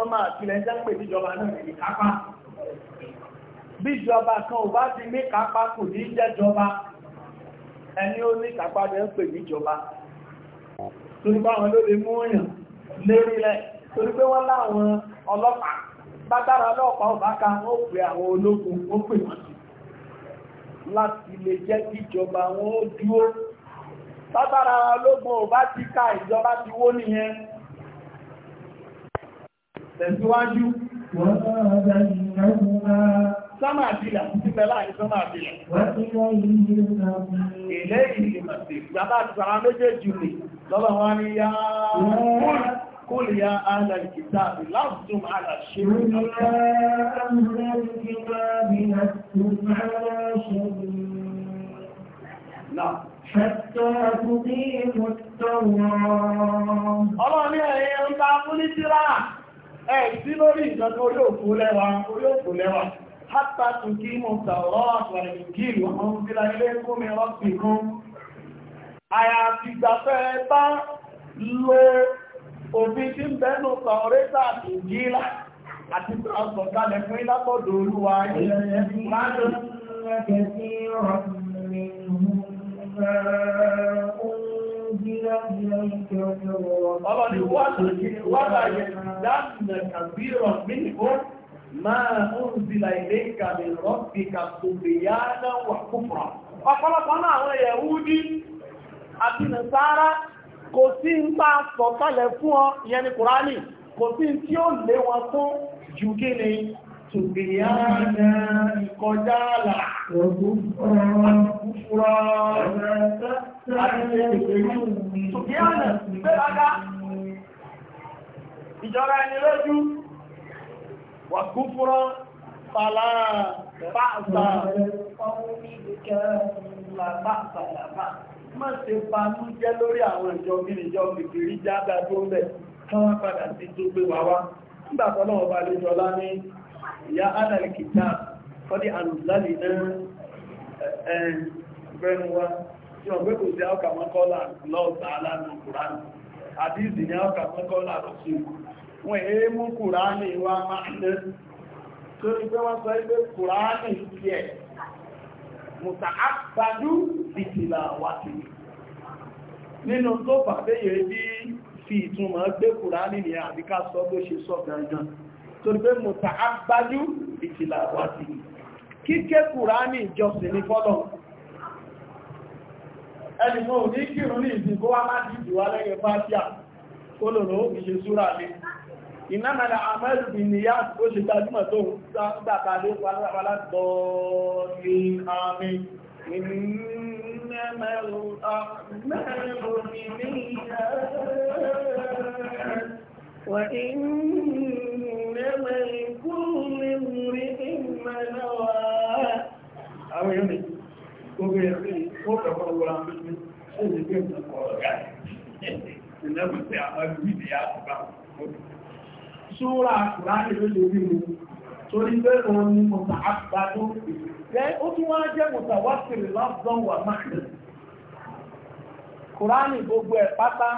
sánmà àtìlẹ̀ ń jẹ́ pé ìjọba náà ní ìkápá bíjọba kan ò bá ti ní kápá kò ní jẹ́jọba ẹni ó ní kápá rẹ̀ ń pè níjọba torí pé àwọn ló lè mú èèyàn lérílẹ̀ torí pé wọ́n láwọn ọlọ́pàá bátàrà ọlọ́pàá ọ̀báka wọ́n pè àwọn ológun ó pè wọ́n sí ó dúró tẹ̀síwájú wọ́n Sámà àtìlà ti bẹ láàrin sámà àtìlà. Ilé ìlìmọ̀ sí ìgbàbá àtìsàrà méjèèjì rè lọ́bà wọn ni yá قل يا أهل الكتاب لستم على شيء يا أهل الكتاب لستم على شيء نعم حتى تقيموا التوراة. الله يا أهل الكتاب ẹ̀sí lórí ìjọdún olóòkú lẹ́wà olóòkú lẹ́wà hátà tún kí mọ̀ tàọ̀rọ̀ àtàrí ìkìlù àwọn ìlà ilé kún mi rọ́pì kún àyàfi gbàfẹ́ bá lo òfin tí ń bẹ́nu tàọ̀rẹ́ta àti ìjìlá àti ọ̀sọ̀kalẹ̀ fún ìlápọ̀dọ̀ olúwa ẹ̀yẹ̀ Ọlọ́ni wà lórí wà láyé dáàmì kàbírọ̀ mímọ̀ máa ń zìlà ilé ìkàmì rọ́bì kàtòbè yá náà wà kúfùrà. Ọ̀pọ̀lọpọ̀ náà àwọn Yẹ̀húdí àti Nàsárá kò sí ń bá sọ̀tálẹ̀ fún ọ ìyẹn ni Kùránì, kò sí tí ó lé wọn tó jù kí ni tòbè yá náà ìkọjá àlà. Ọ̀pọ̀lọpọ̀ ìjọra ẹni lójú wà kú fúrọ́ fàlá pàṣà má ṣe fanú jẹ́ lórí àwọn ìjọ mìírìnjọ kìkìrí jágbà tó ń bẹ̀ káwọn padà sí tó gbé wà wá nígbàtọ́lọ́wọ́ bá lè jọlá ní ìyá ánàlìkìtà fọ́dí àrùn lálẹ́ ẹ̀ẹ́ tí wọ́n pé kò sí ọkà mọ́kọ́lá lọ́ọ̀tà alánà kùránì àti ìdìní ọkà mọ́kọ́lá lọ́sí wọ́n èé mú kùránì wá máa ń lẹ́ tó ní pé wọ́n sọ pé kùránì tiẹ̀ mùtà àpàdú ìtìlà wàtí nínú tó pàtẹ́yẹ bí fi ìtumọ̀ gbé kùránì ní àbíká sọ bó ṣe sọ gangan torí pé mùtà àpàdú ìtìlà wàtí kíké kùránì ìjọsìn ní fọ́lọ́run ẹnìkan ò ní kírun ní ìsìnkó wá láti ìdíwá lẹ́yìn fásíà kólòrò ìṣe súra lé ìnámẹ́lá àmẹ́lù bí ó ṣe gbajúmọ̀ tó gbàgbà lé palábalá tọ́ọ̀lì àmì ìnámẹ́lú àmẹ́lù bí wà ìnámẹ́lú gbogbo ẹ̀rí ó kẹfọ́ wọ́la mẹ́rin ó lè gbé ìpínlẹ̀ ọ̀rọ̀ ìlẹ́gbẹ̀ẹ́ àwọn ìbí ìyá àtúgbà ṣúra kùránì ló lè rí mu torí pé òun ni mọ̀tà àgbàdo rẹ̀ ó tún wá jẹ́ mọ̀tà wá sílè lọ́sàn wà máa kùránì gbogbo ẹ̀ pátá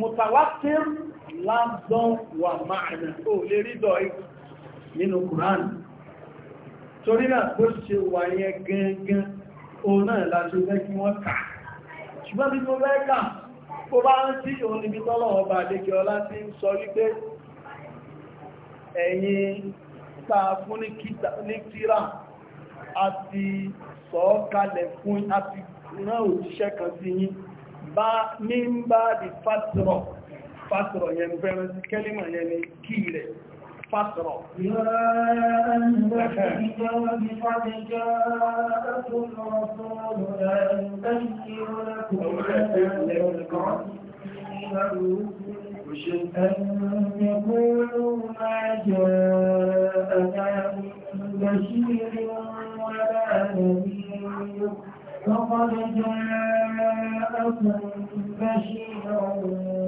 mọ̀tà wá sílè lọ́sàn wà máa ó lè rí dọ̀ nínú kùránì torí náà bó ṣe wà yẹn gẹ́gẹ́ òun náà láti fẹ́ kí wọ́n kà ṣùgbọ́n bí mo fẹ́ kà kó bá ń tí òun níbi tọ́lọ̀ ọba àdékẹ́ ọlá ti ń sọ wípé ẹ̀yin sáà fún ní tíra àti sọ́ọ́kalẹ̀ fún àti rán òjíṣẹ́ kan sí yín bá ní di fásirọ̀ fásirọ̀ yẹn fẹ́ràn sí kẹ́límà yẹn ni kí rẹ̀ فاقرأ يا أهل الكتاب قد جاءكم رسولنا يبين لكم أن يقولوا ما جاءنا من ولا نذير فقد جاءكم بشير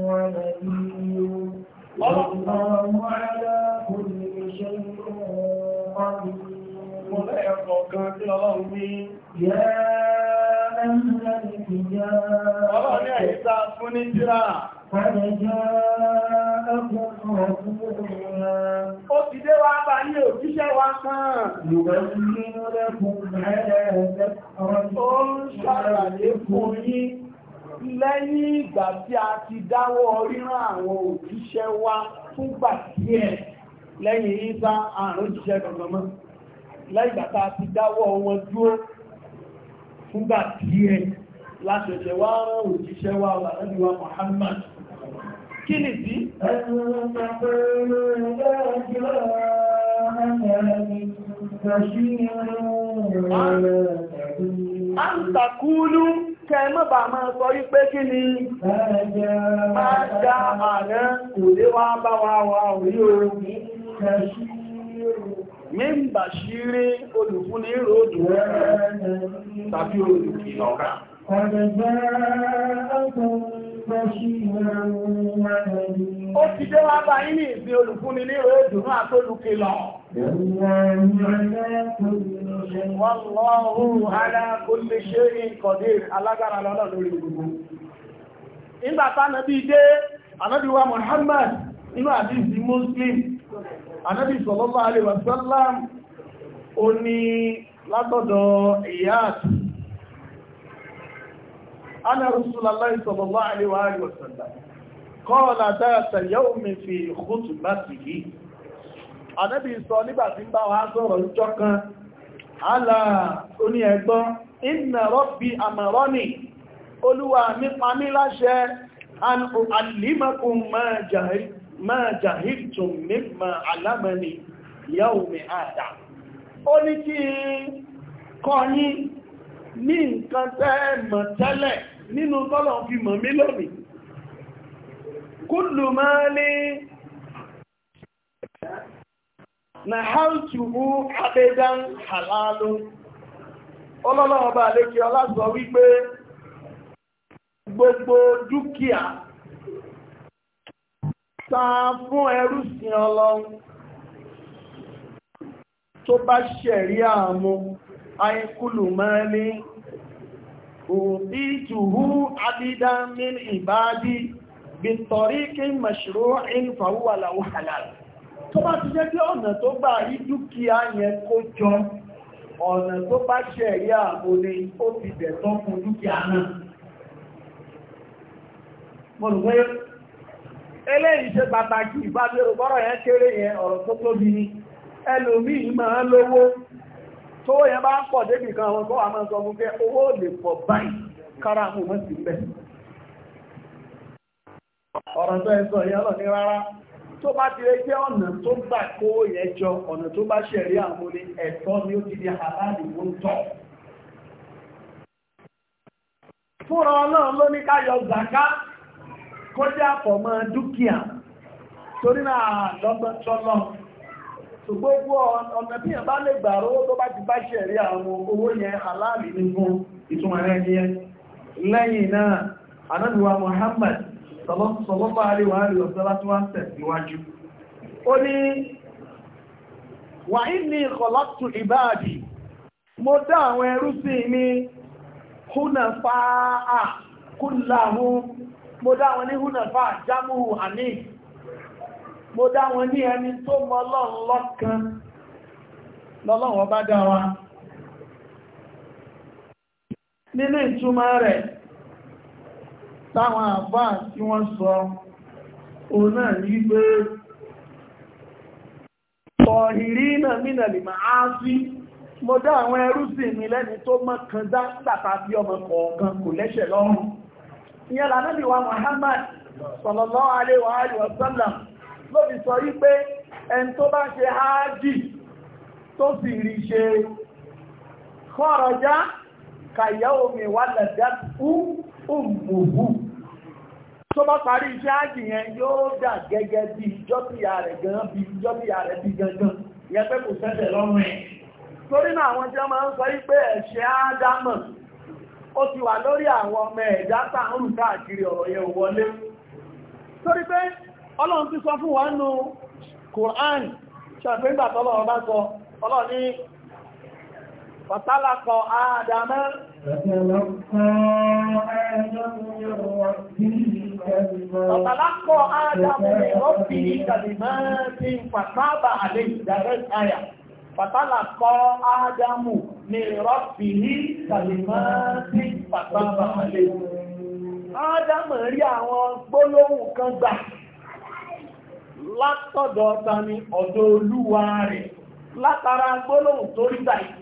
ونذير Ọlọ́run àdá kò ní ṣe ń rọ̀ mọ́ lẹ́ẹ̀kọ̀ kan tí ọlọ́run ní yẹ́ ẹ̀mìnà ìpìyà. Ọlọ́run ní àìsá fún ní jíra. Ó ti dé wá bá ní òjíṣẹ́ wa kan. Ìwọ̀n ní ọlẹ́kùn mẹ́rẹ̀ ẹ̀ẹ́dẹ́ lẹ́yìn ìgbà tí a ti dáwọ́ ríran àwọn òjíṣẹ́ wá fúngbà díẹ̀ lẹ́yìn ìsá àrùn òjíṣẹ́ gọ̀gọ̀mọ́ lẹ́yìn ìgbà tá a ti dáwọ́ wọn dúró fúngbà díẹ̀ láṣẹ̀ṣẹ̀ wá rán òjíṣẹ́ wá wà lẹ́bí wa Muhammad kí ni sí ẹ̀rùn a ń takúlú kẹmọ́bà máa sọ wípé kí ni máa já ààrẹ kò lé wá bá wa wà orí oòrùn mímbà ṣírí olùfúnni ròdù tàbí olùkìlọ̀ ọ̀ká Ó ti dé wá bá yín ní ìsìn olùfúnni ní ìròdùnú àtólùkìlọ̀. Wọ́lọ́rún alákòlè ṣe ìkọ̀dé alágbára lọ́lọ́ lórí gbogbo. Ìgbà tánàbí dé, ànábì wa Muhammad inú àdíjì Muslim, ànábì sallallahu alaihi wasallam, ó ní látọ̀dọ̀ Iyad. Ana Rasulullahi sallallahu alaihi wasallam, qala dhata yawmin fi khutbatihi. Ànábì sọ nígbà tí ń bá wa sọ̀rọ̀ ìjọ kan, àlà oní ẹ̀gbọ́n, inna rabbi amarani, olúwa mi pa mí láṣẹ, an u'allimakum ma jahiltum mimma 'allamani yawmi àdà. Ó ní kí kọ́ yín ní nǹkan tẹ́ mọ̀ tẹ́lẹ̀ nínú tọ́lọ̀ fi mọ̀ mí lónìí. Kullu mali nàháltùhù abẹ́dán hàlálù ọlọ́lọ́wọ́ bá lékè ọlá sọ wípé gbogbo dúkìá san fún ẹrú sin ọlọ́run tó bá ṣẹ̀rí àmú ayíkúlù mẹ́rin ní òbítùhú abídán ní ìbádí bí tọ̀rí kí mẹ̀ṣùrú ìfàwúwà láwọ́ halal tó bá ti jẹ́ pé ọ̀nà tó gbà rí dúkìá yẹn kó jọ ọ̀nà tó bá ṣe ẹ̀yà àmúni ó ti dẹ̀tọ́ fún dúkìá náà mọ̀lùmọ́ eléyìí ṣe pàtàkì ìbádẹ́rù bọ́rọ̀ yẹn kéré yẹn ọ̀rọ̀ tó tóbi ni ẹlòmíì máa lówó tó yẹn bá pọ̀ débì kan sọ fún pé owó lè pọ̀ báyìí kára sí bẹ́ẹ̀ ọ̀rọ̀ tó bá ti rẹ jẹ́ ọ̀nà tó gbà kó yẹn jọ ọ̀nà tó bá ni ó ti di àbáàdì ló tọ̀. fúnra ọlọ́run ló ní ká yọ kó jẹ́ àfọ̀mọ́ dúkìá torí náà lọ́gbọ́n tọ́lọ́ gbogbo ọ̀nà tí yẹn bá lè gbà rówó tó bá ti bá àwọn owó yẹn ìtumọ̀ rẹ̀ yẹn lẹ́yìn sọlọ́pàá àríwá àríwá sọ́lá tó wá ń tẹ̀síwájú ó ní wà ní ìkọ̀lọ́tù ìbáàdì mo dá àwọn ẹrú sí mi húnà fáà kúláhú mo dá wọn ní húnà fáà jámùhù àní mo dá wọn ní ẹni tó mọ táwọn àfáà tí wọ́n sọ òun náà ní pé ọ̀hìrí náà mínàlì máa sí mo dá àwọn ẹrúsìn mi lẹ́ni tó mọ́ kan dá tàbí bí ọmọ kọ̀ọ̀kan kò lẹ́ṣẹ̀ lọ́rùn ìyẹn lànàbí wa Muhammad wa sallam ló fi sọ wípé ẹni tó bá ṣe háájì tó sì rí ṣe wà lẹ́dá fún òmùhù tó bá parí iṣẹ́ àjì yẹn yóò dà gẹ́gẹ́ bí bí rẹ̀ bí gangan yẹ pé kò sẹ́sẹ̀ lọ́rùn ẹ̀ torí náà àwọn tí máa ń sọ wípé ẹ̀ṣẹ̀ ádámọ̀ ti wà lórí àwọn ọmọ ẹ̀dá táàrùn káàkiri ọ̀rọ̀ yẹn wọlé torí pé ọlọ́run ti fún wa nù Kùránì ṣàfihàn bá sọ ọlọ́run ní Fàtàlàkọ̀ Ádámẹ́. Fàtàlàkọ̀ Ádámẹ́ rọ́bì kàlìmọ́ ti fàtàbà àlè ìdàrẹ́ àyà. Fàtàlàkọ̀ Ádámù ni rọ́bì kàlìmọ́ ti fàtàbà àlè. Ádámù rí àwọn gbólóhùn kan gbà látọ̀dọ̀ ta ni ọ̀dọ̀ olúwa rẹ̀ látara gbólóhùn tó rí báyìí.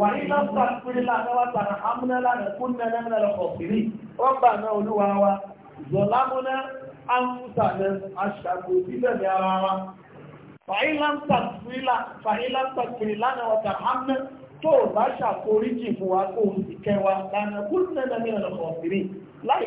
wàyí lọ́pàá pínlẹ̀ láwọ́pàá na amúnẹ́lá rẹ̀ fún nẹ́lẹ́mẹ́lẹ́ lọ́pọ̀ pínlẹ̀ rọ́bà náà olúwa wa zọ̀lámúnẹ́ amúsàlẹ̀ aṣàkó bíbẹ̀lẹ̀ ara wa wàyí lọ́pàá pínlẹ̀ láwọ́pàá amúnẹ́ tó bá ṣàforíjì fún wa kó ti kẹ́ wa lánàá fún nẹ́lẹ́mẹ́lẹ́ lọ́pọ̀ pínlẹ̀ láì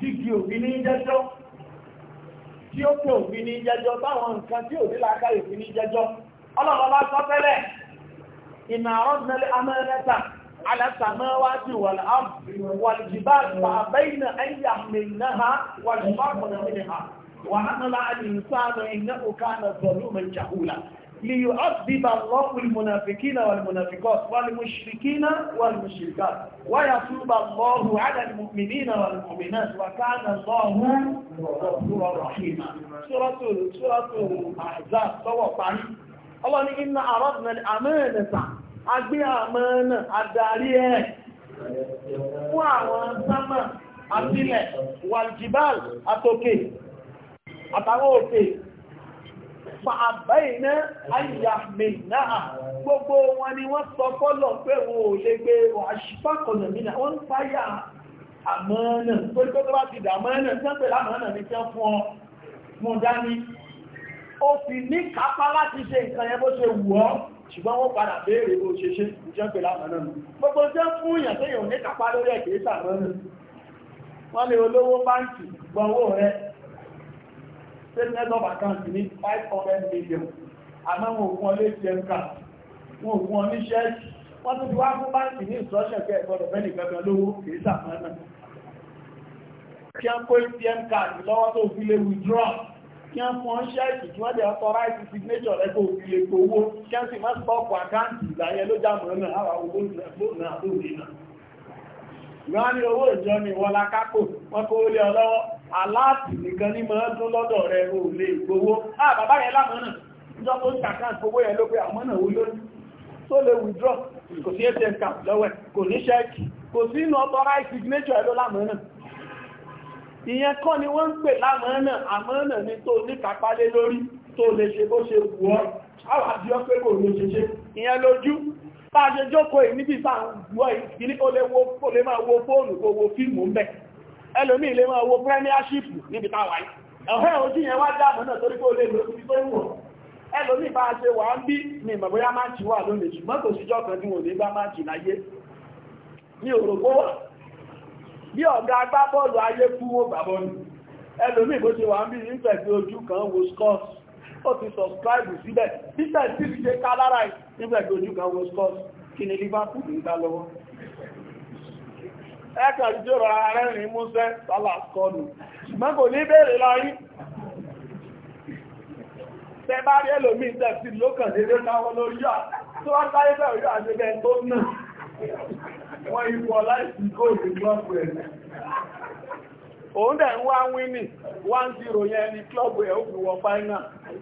dígí òfin ní jẹ́jọ́ tí ó pè òfin ní jẹ́jọ́ táwọn nǹkan tí òfin láká òfin ní jẹ́jọ́ ọlọ́run bá sọ tẹ́lẹ̀ ìnà àrọ́dúnlẹ̀ amẹ́rẹ́ta alásàmẹ́wájú wàlìjìbáàlì bàbáyìnà ليعذب الله المنافقين والمنافقات والمشركين والمشركات ويتوب الله على المؤمنين والمؤمنات وكان الله غفورا رحيما سورة سورة الأحزاب سورة طريق الله ni inna aradna al-amanata agbe amana adari e fún àwọn sama àtìlẹ̀ waljibal àtòkè àtàwọn òkè fàbáyìná àyàmìnà gbogbo wọn ni wọ́n sọ fọ́lọ̀ pé wọn ò lè gbé àṣìfàkọ̀nà mìíràn wọ́n ń fáyà àmọ́nà tó ní tó bá ti dà mọ́nà tí wọ́n pè lámọ́nà ní tí wọ́n fún ọ mú dání ó fi ní kápá láti ṣe nǹkan yẹn bó ṣe wù ọ́ ṣùgbọ́n wọ́n padà béèrè bó ṣe ṣe ìjọ́ pè lámọ́nà gbogbo tí wọ́n fún èèyàn tó yàn ní kápá lórí ẹ̀kẹ́ sàmọ́nà wọ́n lè olówó báńkì gbọ́wọ́ rẹ̀ statement of account ní 500 million àmọ́ wọn òkun ọlé TM card wọn òkun ọní ṣẹ́ẹ̀kì wọ́n tó ti wá fún báńkì ní instruction kẹ́ ẹ̀kọ́ ọ̀fẹ́ni kankan lówó kìí sàmọ́ náà kí á kó TM card lọ́wọ́ tó fi lè withdraw kí á fún ṣẹ́ẹ̀kì tí wọ́n dẹ̀ authorize signature rẹ̀ kó fi lè gbowó kí á sì má stọ́ọ̀pù àkáǹtì ìgbàyẹ ló já mọ́ náà àwọn owó náà lónìí náà ìwọ́n ní owó ìjọ ni ìwọ́n la kápò wọ́n kó lé ọlọ́wọ́ aláàtì nìkan ní máa dún lọ́dọ̀ rẹ̀ o lè gbowó ah bàbá yẹn lámọ́nà ìjọ tó ń kàkà gbowó yẹn ló pé àmọ́nà ó lónìí tó lè withdraw kò sí atm card lọ́wẹ́ kò ní ṣẹ́ẹ̀kì kò sí inú authorized signature ẹ̀ ló lámọ́nà ìyẹn kọ́ ni wọ́n ń pè lámọ́nà àmọ́nà ni tó ní kápálé lórí tó lè ṣe bó ṣe wù ọ́ àwọn àti ọ́pẹ́ kò ló ṣe ṣe ìyẹn lójú bá a ṣe jókòó ì níbi sáà ń gbọ́ ìkíní ó lè máa wo fóònù kó wo fíìmù ń bẹ̀ ẹlòmí ilé máa wo premiership níbi táwà yìí ẹ̀hẹ́ ojú yẹn wá dáàbò náà torí pé lè lọ sí tó ìwọ̀n ẹlòmí bá ṣe wà ń bí ní ìmọ̀bóyá máa ti wà lónìí ṣùgbọ́n kò tí wọ́n lè gbá máa ti láyé ní òrògbó wà bí ọ̀gá agbábọ́ọ̀lù ayé kú ẹlòmí bó ṣe wà ń bí ojú kan wo ó ti síbẹ̀ sí ṣe ojú ni Liverpool ń gbá lọ́wọ́ ẹ̀kà ìjọra arẹ́rin músẹ́ sálàkọlù ṣùgbọ́n kò ní bèèrè láyín tẹ bá rí ẹlòmí tẹ̀sí lókàndédé káwọn lórí yà tó yà ṣe wọ́n ipò láìsí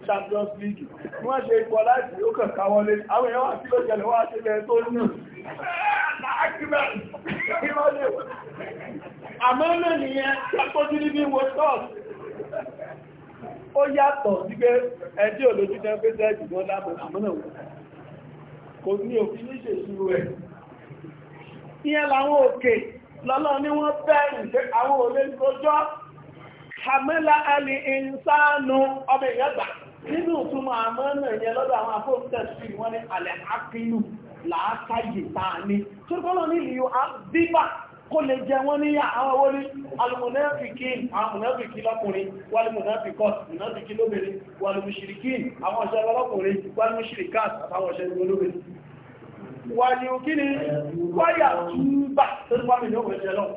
Champions League wọ́n ṣe ipò láìsí ó kàn àwọn èèyàn wà sí lóṣẹlẹ̀ wọ́n ṣe tó àmọ́ náà nìyẹn lápójú níbi wo tọ́ọ̀sì ó yàtọ̀ sí pé ẹjí olójú jẹ́ pé sẹ́ẹ̀jì wọ́n lábọ̀ àmọ́ náà kò ní òfin ní ṣèṣirò ẹ̀ ìyẹn làwọn òkè lọ́lọ́ ní wọ́n bẹ̀rù pé àwọn òlé ìgbójọ́ hamela ali insanu ọmọ ìyẹ́gbà nínú ìtumọ̀ àmọ́ náà yẹn lọ́dọ̀ àwọn afọ́ làákàyè táa ní ṣúrùkọ́lọ́ ní ìlú àbíbà kó lè jẹ wọ́n níyà àwọn owó ní alùmọ̀nẹ́fìkì àwọn mọ̀nẹ́fìkì lọ́kùnrin wàlùmọ̀nẹ́fìkọ́ mọ̀nẹ́fìkì lóbìnrin wàlùmọ̀ṣìrìkì àwọn ọ̀ṣẹ́ lọ́kùnrin wàlùmọ̀ṣìrìkà àtàwọn ọ̀ṣẹ́ lóbìnrin wàlùmọ̀kíni wáyà túbà tó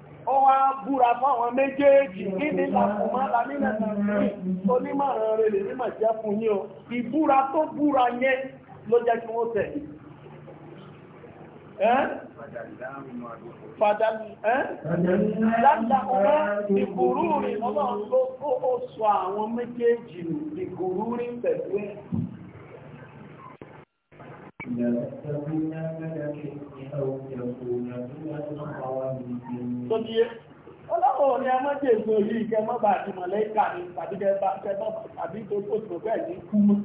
ó wá búra fáwọn méjèèjì níbi làkùnmọ́ lámínà nàìjíríà onímọ̀ràn rẹ̀ lè nímọ̀ jẹ́ fún yín o ìbúra tó búra yẹn ló jẹ́ kí wọ́n tẹ̀lé Lágbàkúnmá ìkòrú rìn ọlọ́run ló kó ó àwọn méjèèjì ìkòrú rìn pẹ̀lú Tó ní yé, ọlọ́wọ̀ ni a máa jẹ́ ìgbò yìí ìgẹ́ mọ́bà àti mọ̀lẹ́kà ni tàbí gẹ́bà tẹ́bà àbí tó tó tó bẹ́ẹ̀ ní kú mọ́.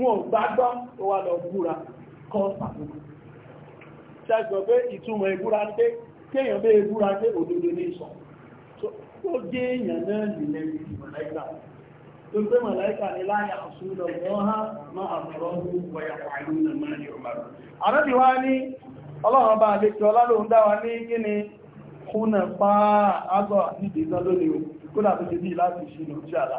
Wọ́n gbàgbọ́ tó wà lọ búra kọ́ sàbúrú. Ṣẹ́gbọ̀n pé ìtumọ̀ ìbúra ń pé kéèyàn bẹ́ ìbúra pé òdodo ní ìsọ̀. Tó jẹ́ èèyàn náà nìlẹ́ ìmọ̀lẹ́kà. tó pé màláìkà ní asu àṣúlọ lọ́ha ma àmọ̀rọ̀hù wọ̀yà pàálù nà máa ní ọmọrọ̀. àrẹ́bì wá ni ọlọ́run bá lè tí ọlọ́run dáwà ní gíní kúnà pa ágọ́ nídìí tán lónìí o kó dà tó ti bí láti ṣe ní ojú àlá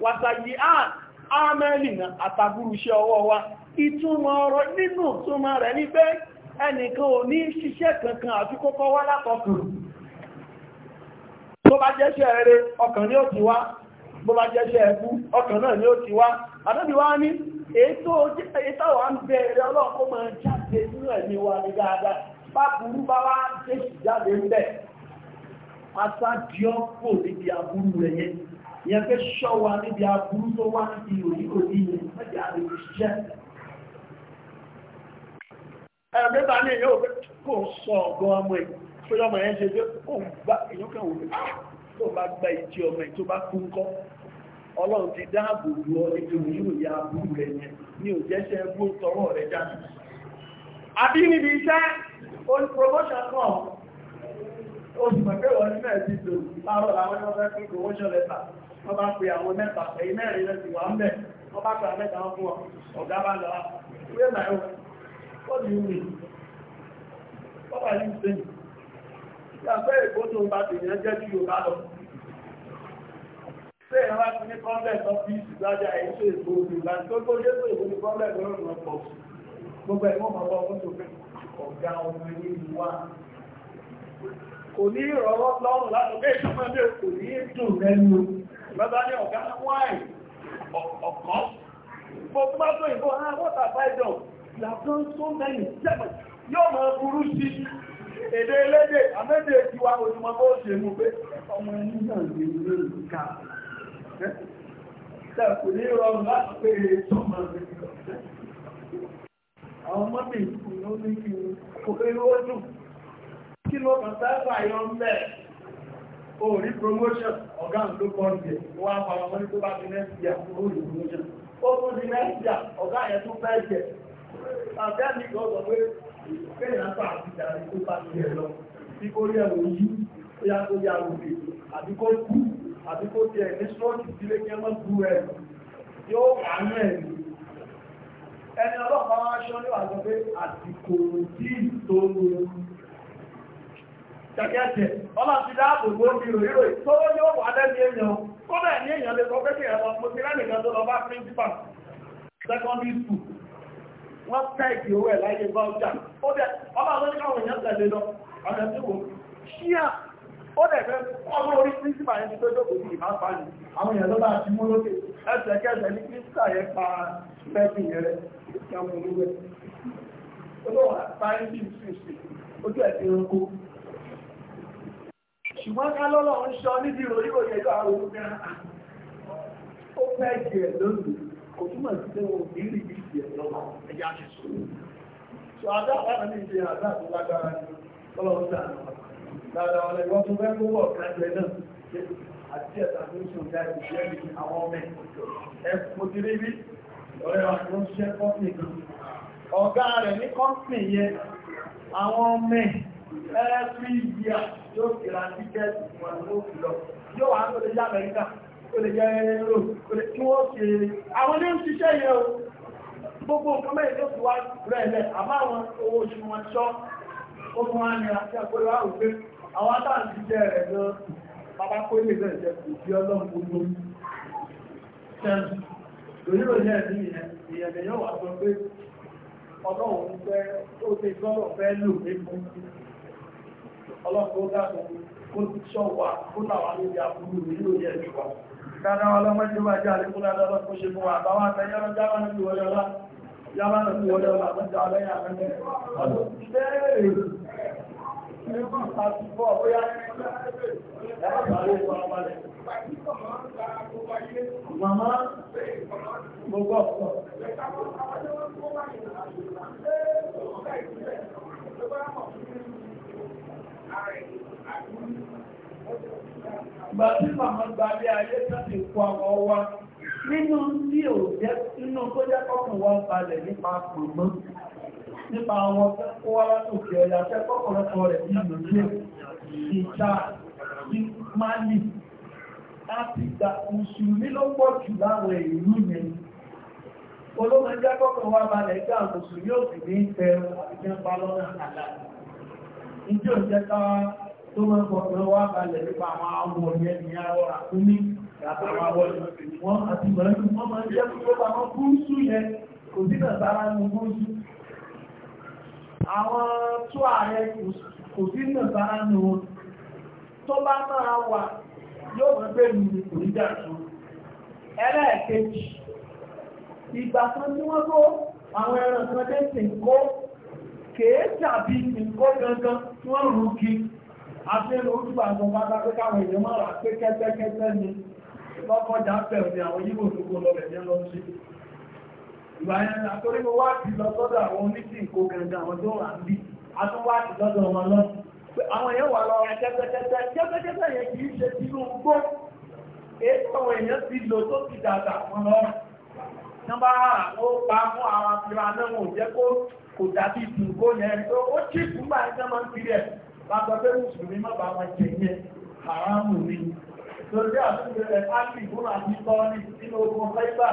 wàtàyí yi a iṣẹ́ ọwọ́ wa ìtumọ̀ ọ̀rọ̀ nínú ìtumọ̀ rẹ̀ ní pé ẹnìkan ò ní ṣiṣẹ́ kankan àti kókó wá látọkùn tó bá jẹ́ṣẹ́ ọkàn ni ó ti wá bó bá jẹ́ṣẹ́ ẹkú ọkàn náà ni ó ti wá wá ní wa ìyẹn pé ṣọ́wà níbi aburú tó wá níbi ìròyìn òní yẹn mẹ́jẹ̀ àrègbè jẹ́ ẹ̀rẹ́ bá ní èyàn òfin kò sọ ọ̀gọ́ ọmọ ẹ̀ tó yọmọ ẹ̀ ṣe pé ó ń gbá èyàn kan òfin ah, tó bá gba ìjì ọmọ ẹ̀ tó bá kú ńkọ́ ọlọ́run ti dáàbò bò ọ níbi òyìn òyìn aburú rẹ̀ yẹn ní òjẹ́ṣẹ́ ẹgbó tọwọ́ rẹ̀ jáde àbí níbi iṣẹ́ ó ní oṣù pẹ̀pẹ̀wọ̀ ní mẹ́ẹ̀sì tó láàrọ̀ láwọn ọmọ ẹgbẹ́ kò wọ́n ṣọlẹ̀ tà wọ́n bá pe àwọn mẹ́ta pẹ̀lú mẹ́rin rẹ̀ sì wà ń bẹ̀ wọ́n bá pe àwọn mẹ́ta wọn fún ọ ọ̀gá bá lọ wíwé náà wọ́n ti wù wọ́n bá yìí sẹ́yìn yàtọ̀ èkó tó bá tèèyàn jẹ́ kí yóò kò ní ìrọ̀rọ̀ lọ́rùn lánàá ìṣọ́mọ́lé kò ní dùn lẹ́nu lọ́dá ní ọ̀gá wáìn ọ̀kan gbogbo bá tó ìbò ha wọ́ta fáìdọ̀ làtún tó mẹ́rin jẹ́mọ̀ yóò mọ̀ burú sí èdè elédè àmẹ́dè ìwà òjúmọ́ bó ṣe mú pé ọmọ ẹni náà lè rí ìka kò ní rọrùn láti pé ìṣọ́mọ́ àwọn mọ́bì ìlú ní kí kò fẹ́ lówó dùn kí ló kàn sáàbà yọ mẹ́ orí promotion ọ̀gá ń ló kọ́ ní wá pàwọn wọn ní tó bá fi nẹ́sìyà orí promotion ó tún di nẹ́sìyà ọ̀gá yẹn tún fẹ́ jẹ àbẹ́ mi kọ́ sọ pé kéèyàn pa àbíjà ní tó bá ti jẹ lọ bí kò rí ẹ̀rọ yí ó yá tó yá òfin àbí kó kú àbí kó tiẹ̀ ní sọ́ọ̀tì sílé kí ẹ mọ́ bu ẹ̀ yóò wà ń rẹ̀ ní ẹni ọlọ́pàá wá ṣọ́ níwájú pé àsìkò tí ìtòrò kẹ̀kẹ́jẹ̀ ọlọ́run ti dáàbò bó ti rò ìrò tó ó yóò wà lẹ́ni èèyàn tó bẹ́ẹ̀ ní èèyàn lè sọ pé kí mo ti tó lọ bá principal secondary school wọ́n tẹ́ẹ̀kì owó ẹ̀ láyé ó ọba àwọn oníkàwọn èèyàn tẹ̀lé lọ ọ̀nà tí wò ṣíà ó dẹ̀ fẹ́ ọmọ orí principal ẹni tó jókòó sí ìbá pa àwọn èèyàn ló bá ti mú lókè ní yẹn pa ṣùgbọ́n ká lọ́lọ́ ń ṣọ níbi ìròyìn òyìn ẹ̀dọ́ àwọn olùgbà ó fẹ́ jẹ lónìí kò túmọ̀ sí pé wọn ní rí bíi jẹ lọ́wọ́ ẹ̀yà ṣe sọ̀rọ̀ sọ adá àbára ní ìṣe àdá àti lágbára ní ọlọ́run sàn lára ọ̀rẹ́ wọn tó fẹ́ gbówó ọ̀kadì náà àti ẹ̀ta tó ń ṣe ọ̀gá ìṣẹ́ ní àwọn ọmọ ẹ̀ mo ti rí bí ọ̀rẹ́ wa tó ń ṣiṣẹ́ kọ́pì ọ̀gá rẹ̀ ní kọ́pì yẹn àwọn ọmọ every year yóò fi ra tíkẹ́ẹ̀tì fún wọn ló fi lọ yóò wà tó lè jẹ́ Amẹ́ríkà tó lè jẹ́ ẹ̀rọ tí wọ́n ṣe àwọn ní ń ṣiṣẹ́ yẹn o gbogbo nǹkan mẹ́rin tó fi wá rẹ̀ lẹ̀ àmọ́ àwọn owó oṣù wọn ṣọ́ ó fún wa ní àti àpòlọ́ àwùgbé àwọn àtàǹtí jẹ́ rẹ̀ lọ bàbá kó lè bẹ̀rẹ̀ jẹ́ kò sí ọlọ́run gbogbo Òyìnbó ní ẹ̀dí ìyẹ̀dẹ̀ yóò wà sọ pé ọlọ́run fẹ́ tó ṣe gbọ́rọ̀ fẹ́ lò ní fún ọlọ́pọ̀ dáàbò kó ṣọ́wà kó làwà níbi àbúrú nínú yẹ jùlọ dáadáa ọlọ́mọdé wà jẹ́ àlékún dáadáa kó ṣe fún wa àbáwá àtẹyẹrọ jáwà nínú wọlé ọlá jáwà nínú wọlé ọlá tó jà lẹ́yìn àmẹ́lẹ́ ọdún bẹ́ẹ̀rẹ̀ nígbà pàtó Ìgbà tí màmá gba bí ayé sáti kó àwọn ọwá nínú tí ò jẹ́ nínú tó jẹ́ kọ́kùn wá balẹ̀ nípa pọ̀mọ́ nípa àwọn akẹ́kọ̀ọ́ wá láti òkè ọ̀yà akẹ́kọ̀ọ́ rẹ̀ ní ìlúlé ìta sí Mali láti gba mùsùlùmí ló pọ̀ jù láwọn ìlú yẹn olóòmọdé akẹ́kọ̀ọ́ wá balẹ̀ gbà mùsùlùmí ní ìfẹ́ ìjẹun ìjọ ìjẹta tó mọ́ ọ̀pọ̀ wá balẹ̀ nípa àwọn àwọn ọ̀rẹ́ ni àwọ̀ àkúmí àtàwọn àwọ̀ wọn àti mọ̀lẹ́bí wọ́n máa ń jẹ́ tó bá wọn gúúsù yẹn kò sí nàìjíríà ní gúúsù àwọn tó ààrẹ kò sí nàìjíríà ní wọn tó bá máa wà yóò mọ̀ pé mi kèé tàbí nǹkan gangan tí wọ́n rú kí afẹ́lú ojúbà àwọn bá dápé káwọn èèyàn máa rà pé kẹ́tẹ́kẹ́tẹ́ ni lọ́kọjà pẹ̀ ní àwọn yíbò tó kó lọ bẹ̀rẹ̀ lọ sí ìgbà yẹn àtorí mo wá ti lọ sọ́dọ̀ àwọn oníṣìn kó gangan àwọn tó wà níbi a tún wá ti lọ́dọ̀ wọn lọ àwọn èèyàn wà lọ rẹ kẹ́tẹ́kẹ́tẹ́ kẹ́tẹ́kẹ́tẹ́ yẹn kì í ṣe sínú gbó èyí àwọn èèyàn ti lò tó ti dàgbà wọn lọ kò dàbí ìdúgbò yẹn ó tí ìgbà ẹgbẹ́ máa ń kiri ẹ̀ látọ̀ pé mùsùlùmí má bàa wọn jẹ haramu ni torí àtúntò rẹ̀ ákì fún àti tọ́ọ̀lì nínú ogun fẹ́gbà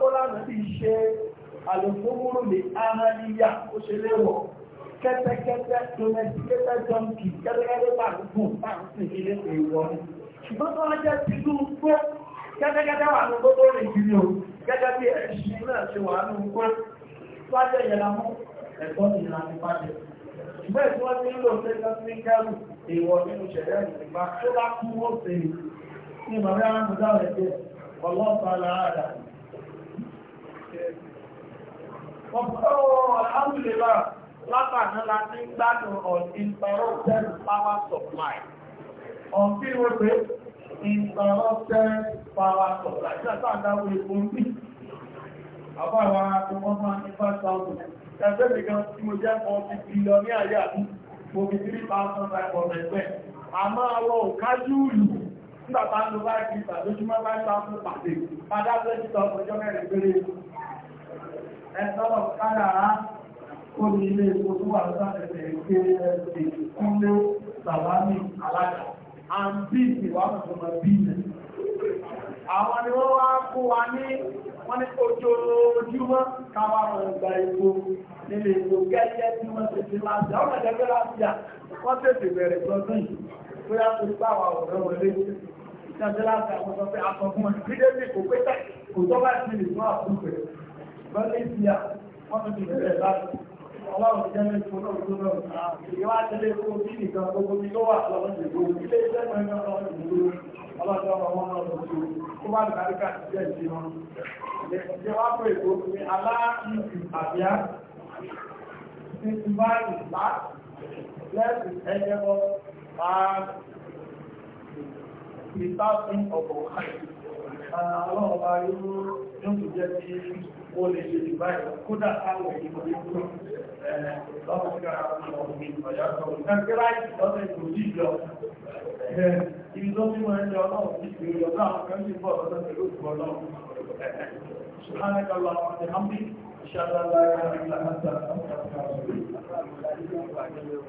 ó lánà ti ṣe àlòfóhùrù lè aráníyà ó ṣe léwọ̀ kẹ́tẹ́kẹ́tẹ́ domesticated donkey kẹ́tẹ́kẹ́tẹ́ bá ń gùn bá ń sìn wà ní gbogbo rìn kiri o gẹ́gẹ́ bí ẹ̀ṣin náà ṣe wà ní gbó wájẹ́ yẹn la mú ẹ̀kọ́ ni a ti pàdé. Ìgbẹ́ tí wọ́n ti ń lò ṣe lọ sí kẹ́rù èèwọ̀ nínú ṣẹ̀dá ìgbà tó bá kú ó ṣe ní bàbá Amúdá rẹ̀ ọlọ́pàá láàdà. Ọ̀pọ̀ power supply. interrupted power supply. Ṣé àtàdáwò epo ń bí? Àbáwá akọ̀kọ́ máa ní 5,000 ẹgbẹ́ nìkan tí mo jẹ́ kan ti fi lọ ní àyà mi mo fi tírí pa ọ̀sán ṣàkọ̀ ẹgbẹ́ àmọ́ àwọn òkájú ìlú nígbà bá ń lo bá ti ìgbà lójúmọ́ bá ń sáfún pàdé padà bẹ́ẹ̀ ti sọ ọjọ́ mẹ́rin péré ẹ̀sọ́rọ̀ kádàrá ó ní wọ́n ní ojoojúmọ́ káwà wọn gba epo nílé epo gẹ́gẹ́ tí wọ́n ti fi láti àwọn ẹ̀dẹ́gbẹ́ láti à wọ́n tètè bẹ̀rẹ̀ lọ́dún yìí tó yá tó gbà wà ọ̀rẹ́ wọlé ìjọba láti àwọn sọ pé aṣọ fún wọn ní débi kò pé tẹ̀ kò tọ́ bá ti lè fún àkúrò lọ ní ti à wọ́n tètè bẹ̀rẹ̀ láti ọlọ́run jẹ́ ní ìfún náà tó náà ìwádìí lè kó bí nìkan gbogbo mi ló wà ìgbòho ilé iṣẹ́ mọ́ ẹgbẹ́ lọ́wọ́ ìgbòho ọlọ́dọ̀ ọmọ náà lọ sí kó bá lè káríkà sí jẹ́ ìdí wọn ìjẹ́ wá pé èkó ní aláàkìsì àbíá ti ti bá ìgbà lẹ́sìn ẹgbẹ́ bọ́ bá ìta fún ọ̀pọ̀ ọlọ́run bá yóò yóò tó jẹ́ kí ó lè ṣe ìbáyìí kódà táwọn ìgbò ní kúrò lọ́wọ́ sí ara ọmọ ìgbìyànjú ọ̀yá sọ̀rọ̀ ibi tó bí wọ́n jẹ ọlọ́run ti fi rí ọlọ́run kan sí bọ́ ọ̀dọ́ pẹ̀lú òkú ọlọ́run ṣùgbọ́n àwọn ti hàn bí ìṣàlá láyé àrílà àti àwọn ọ̀dọ́